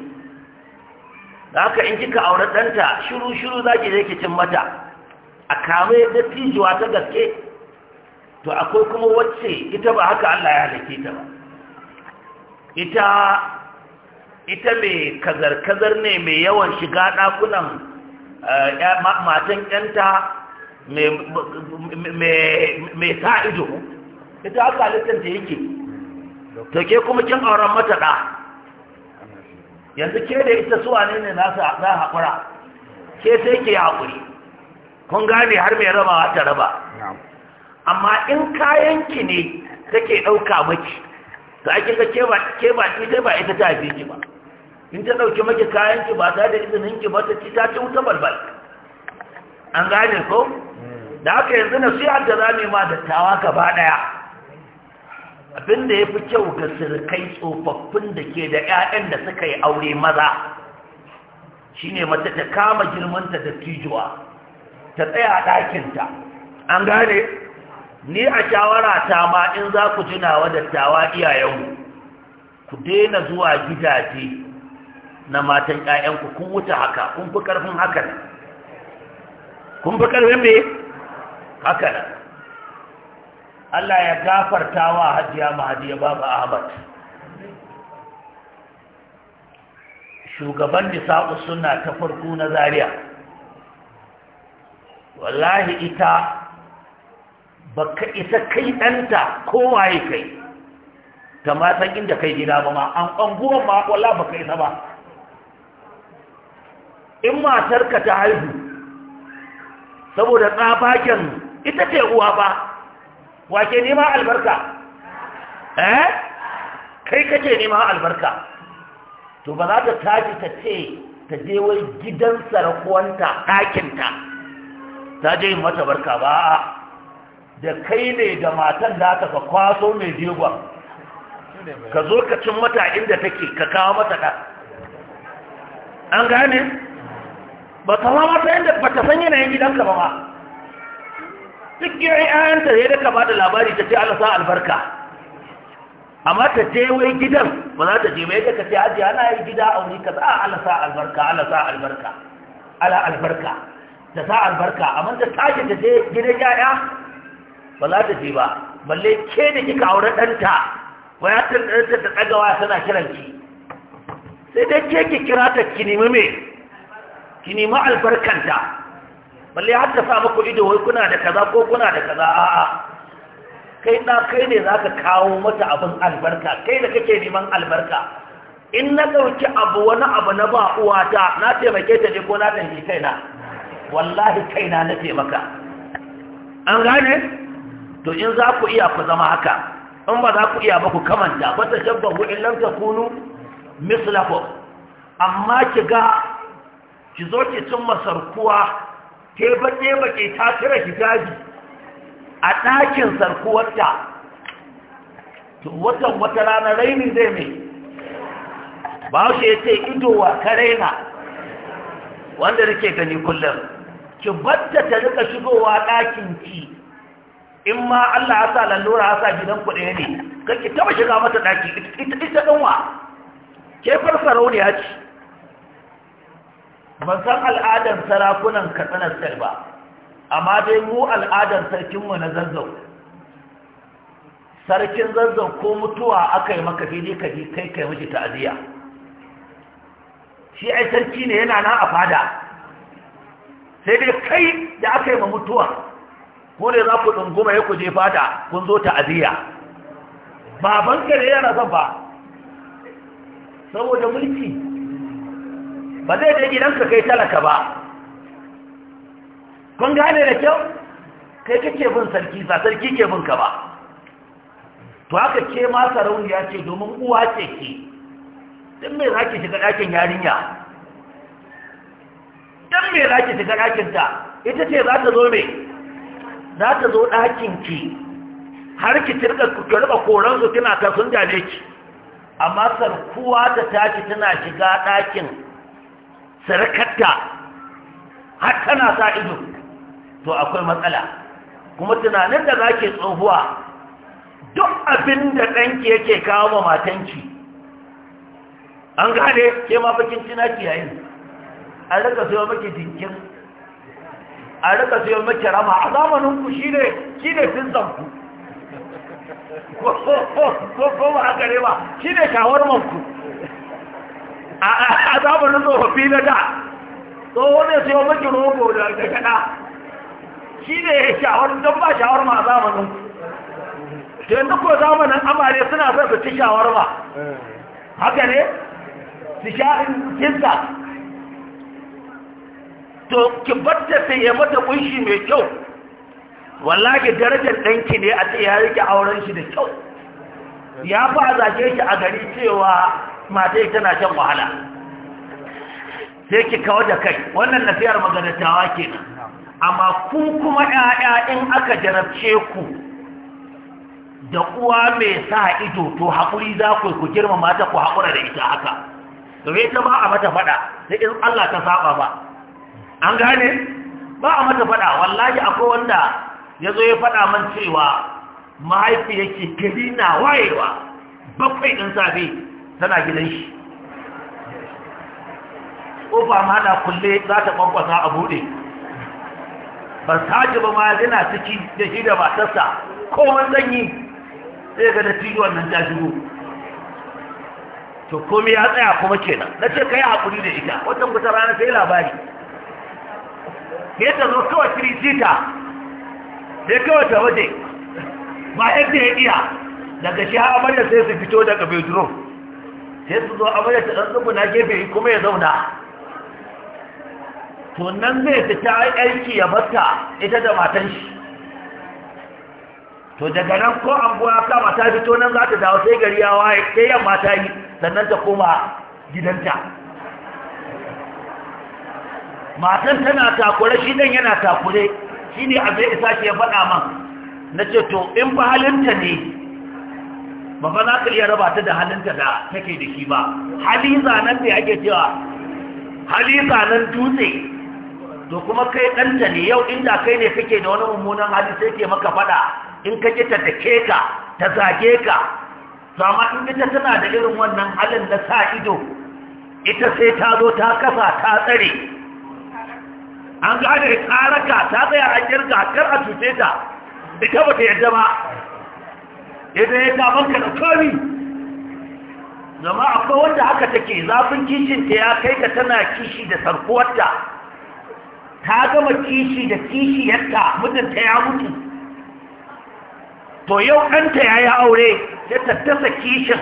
S2: da haka in kika aure ɗanta shiru-shiru za ki cin mata a kame da tijuwa ta gaske to akwai kuma wacce ita ba haka Allah ya halake ta ba ita ita mai kazar-kazar ne mai yawan shiga ɗakunan eh, matan 'yanta mai sa’ido ita haka halittar ta yake to ke kuma kin auren mata ɗa yanzu ke da ita suwa ne ne na haƙura ke sai ke haƙuri kun gane har mai rabawa ta raba amma in kayan ki ne take ɗauka maki ta ake ta ke ba ita ba ita ta haife ki ba in ta ɗauki maki ki ba ta da izinin ki ba ta ci ta ci wuta balbal an gane ko hmm. da haka yanzu na siya da za ma dattawa gaba ɗaya abinda ya fi kyau ga sirkai tsofaffin da ke da 'ya'yan da suka yi aure maza shine mace ta kama girmanta da tijuwa ta tsaya ɗakinta an gane ni a shawara ta ma in za ku tunawa dattawa iyayenmu ku daina zuwa gidaje na matan ƴaƴanku kun wuce haka kun fi ƙarfin haka ne kun fi ƙarfin me haka ne Allah ya gafarta wa hajiya mahadiya baba Ahmad shugaban nisa'u suna ta farko na Zaria wallahi ita baka isa kai ɗanta kowaye kai ta ma san inda kai gida ba ma an ƙanguwan ma wallahi baka isa ba in matarka ta haihu saboda tsabagen ita ce uwa ba wake nema albarka eh kai kake nema albarka to ba za ta tashi ta ce ta je wai gidan sarakuwanta ɗakinta ta je yin mata barka ba da kai ne da matan da aka kwaso mai jegon ka zo ka cin mata inda take ka kawo mata ɗa an gane ba ta mata inda ba ta san yanayin gidanka ba ma duk yayin ayanta ya daga ba da labari ta ce Allah sa albarka amma ta je wai gidan ba za ta je ba yadda ka ce ajiya na yi gida a wuri za ala sa albarka al'asa sa albarka ala albarka da sa albarka amma da tashi ta je gidan yaya ba za ta je ba balle ke da kika aure danta. waya ta danta ta ɗagawa tana kiran ki sai dai ke ki kira ta ki nemi me ki nemi albarkanta balle har ta sa muku ido wai kuna da kaza ko kuna da kaza a'a kai na kai ne za ka kawo mata abin albarka kai da kake neman albarka in na ɗauki abu wani abu na ba uwata na taimake ta je ko na ɗanki kaina wallahi kaina na taimaka an gane to in za ku iya ku zama haka in ba za ku iya ba ku kamanta ba ta shabba ku in lam kunu mislahu amma ki ga ki zo ki cin masarkuwa teba ba ke ta tira gaji a ɗakin sarkuwarta watan wata rana raini zai mai ba shi ya ce ido wa kare na wanda rike gani kullum ki batta ta rika shigowa ɗakin ki in ma Allah ya sa lallura ya sa gidan ku ɗaya ne kan ki taba shiga mata ɗaki ita ita ɗan wa ke farfaro ne ya ci ban san al'adar sarakunan katsanar sai ba amma dai mu al'adar sarkinmu na zazzau sarkin zazzau ko mutuwa aka yi maka fili ka ji kai kai mashi ta'aziyya shi ai sarki ne yana nan a fada sai dai kai da aka yi ma mutuwa ko ne za ku ɗunguma ya ku je fata kun zo ta'aziyya ba ka ne yana son ba saboda mulki ba zai je ka kai talaka ba kun gane da kyau kai kake bin sarki sa, sarki ke bin ka ba to haka ke ma sarauniya ce domin uwa ce ke din mai zaki shiga ɗakin yarinya ɗan me za ki shiga ɗakinta ita ce za ta zo me za ta zo ɗakinki har ki tirka ki rika koran kina ta sun gane ki amma sarkuwa ta tashi tana shiga ɗakin sarkarta har tana sa ido to akwai matsala kuma tunanin da za ke tsohuwa duk abin da ɗanki yake kawo ma matanki an gane ke ma bakin yayin ki yayin a rika sayo maki dinkin a rika sayo maki rama a zamanin ku shi ne sinsan ku ko ko ba haka ne ba ne shawarman manku a zamanin tsofaffi na da tsohon ne sayo maki rogo da gada shi ne shawar don ba shawar ma a zamanin yanzu ko zamanin amare suna son su ci shawar ba eh. haka ne su sha kinsa to ki barta sai ya mata kunshi mai kyau wallahi darajar danki ne a ce ya rike auren shi da kyau ya fi a zage shi a gari cewa matai tana shan wahala sai ki kawo da kai wannan nasiyar ke kenan amma ku kuma ƴaƴa in aka jarabce ku da uwa mai sa ido to haƙuri za ku ku girmama ta ku haƙura da ita haka domin ita ba a mata faɗa sai in Allah ta saba ba an gane ba a mata faɗa wallahi akwai wanda ya zo ya faɗa man cewa mahaifi yake gari na wayewa bakwai ɗin safe tana gidan shi ƙofa ma na kulle za ta ƙwanƙwasa a buɗe ba ji ba ma yana ciki da shi da matarsa kowan zanyi sai ga da tijuwan nan ta shigo to komai ya tsaya kuma kenan na ce ka yi haƙuri da ita wata kusa rana sai labari sai ta zo kawai kirjita sai kawai ta waje ba yadda ya iya daga shi amarya sai su fito daga bedroom sai su zo amarya ta ɗanɗubu na gefe kuma ya zauna to nan zai fita aiki ya bata ita da matan shi to daga nan ko an buwa kama ta fito nan za ta dawo sai gari ya waye sai yamma ta yi sannan ta koma gidanta matan tana takure shi nan yana takure shi ne abin isa ke ya faɗa man na ce to in ba halinta ne ba fa za ka iya raba ta da halinta da take da shi ba hali zanen ne ake cewa hali zanen dutse to kuma kai ɗanta ne yau inda kai ne kake da wani mummunan hali sai ke maka faɗa in ka ta take ka ta zage ka to amma in ita tana da irin wannan halin na sa ido ita sai ta zo ta kasa ta tsare an ga gane karaka ta tsaya a kirga kar a cuce ta ita ba ta yadda ba idan ya ka da komi zama akwai wanda haka take zafin kishin ta ya kai ka tana kishi da sarkuwarta ta gama kishi da kishiyarta mijinta ya mutu to yau ɗanta ya yi aure ya tattasa kishin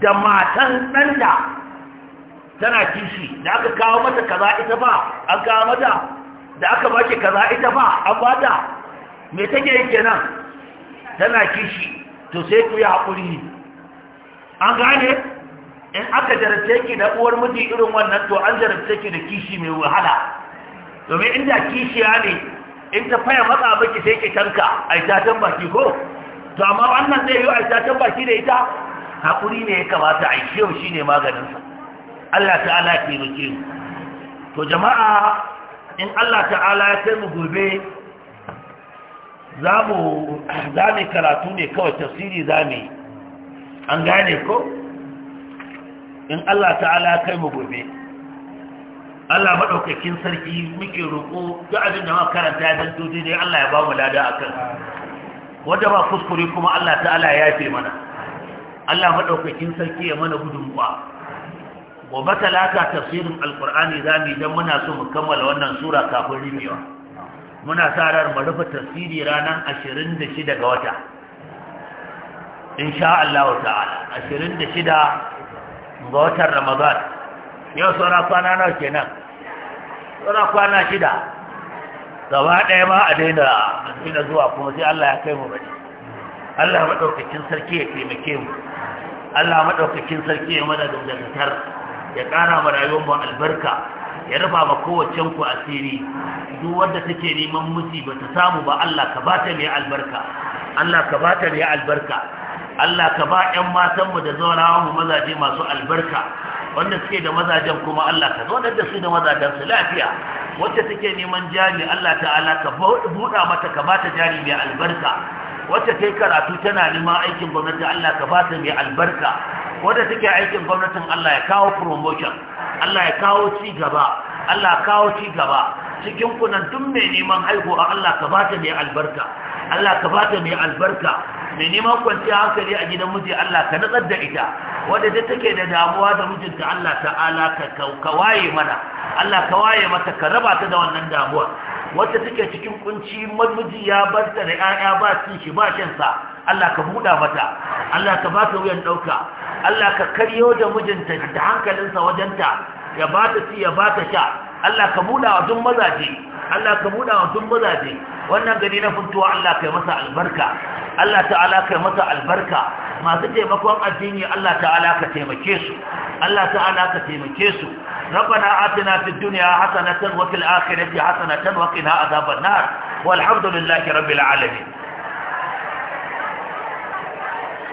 S2: da matan ɗanta tana kishi da aka kawo mata kaza ita ba an kawo mata da aka baki kaza ita ba an bata me take yi kenan tana kishi to sai ku yi haƙuri an gane in aka jarabce ki da uwar miji irin wannan to an jarabce ki da kishi mai wahala domin inda kishiya ne in ta faya matsa baki sai ki tanka a itatan baki ko to amma wannan zai yi a itatan baki da ita haƙuri ne ya kamata a yi shi ne maganinsa Allah ta'ala ya taimake mu to jama'a in Allah ta'ala ya kai mu gobe za mu karatu ne kawai tafsiri za mu an gane ko in Allah ta'ala ya kai mu gobe Allah maɗaukakin sarki muke roƙo duk abin da muka karanta ya zanto daidai, Allah ya ba mu lada akan wanda ba kuskure kuma Allah ta'ala ya yafe mana Allah maɗaukakin sarki ya mana gudunmuwa gobe talata tafsirin alkur'ani za mu idan muna so mu kammala wannan sura kafin rimewa muna sa ranar mu rufe tafsiri ranar 26 ga wata insha Allah ta'ala 26 ga watan Ramadan yau saura kwana nawa kenan saura kwana shida gaba ɗaya ma a daina daina zuwa kuma sai Allah ya kai mu bane Allah madaukakin sarki ya taimake mu Allah madaukakin sarki ya mana dangantar ya ƙara ma rayuwar mu albarka ya rufa ma kowace ku asiri duk wanda take neman miji ba ta samu ba Allah ka bata ne albarka Allah ka bata ne albarka Allah ka ba ƴan matan mu da zaurawa mu mazaje masu albarka wanda suke da mazajen kuma Allah ka zaunar da su da mazajen su lafiya wacce take neman jari Allah ta'ala ka buɗa mata ka bata jari mai albarka wacce ta yi karatu tana neman aikin gwamnati Allah ka ba ta mai albarka wadda take aikin gwamnatin Allah ya kawo promotion Allah ya kawo ci gaba Allah kawo ci gaba cikin kunan tun mai neman a Allah ka bata mai albarka Allah ka bata mai albarka mai neman kwanciya hankali a gidan miji Allah ka natsar da ita wadda ta take da damuwa da mijinta Allah ta'ala ka waye mana Allah ka waye mata ka raba ta da wannan damuwa wadda take cikin kunci miji ya bar da 'ya'ya ba cin shi ba sa Allah ka buɗa mata Allah ka ba ta wuyan ɗauka Allah ka karyo da mijinta da hankalinsa wajenta ya ba ta ci ya ba ta sha Allah ka buɗa wa duk mazaje Allah ka buɗa wa duk mazaje wannan gari na funtuwa Allah kai masa albarka Allah ta'ala kai masa albarka masu taimakon addini Allah ta'ala ka taimake su Allah ta'ala ka taimake su ربنا آتنا في الدنيا حسنة وفي الآخرة a وقنا عذاب النار والحمد لله رب العالمين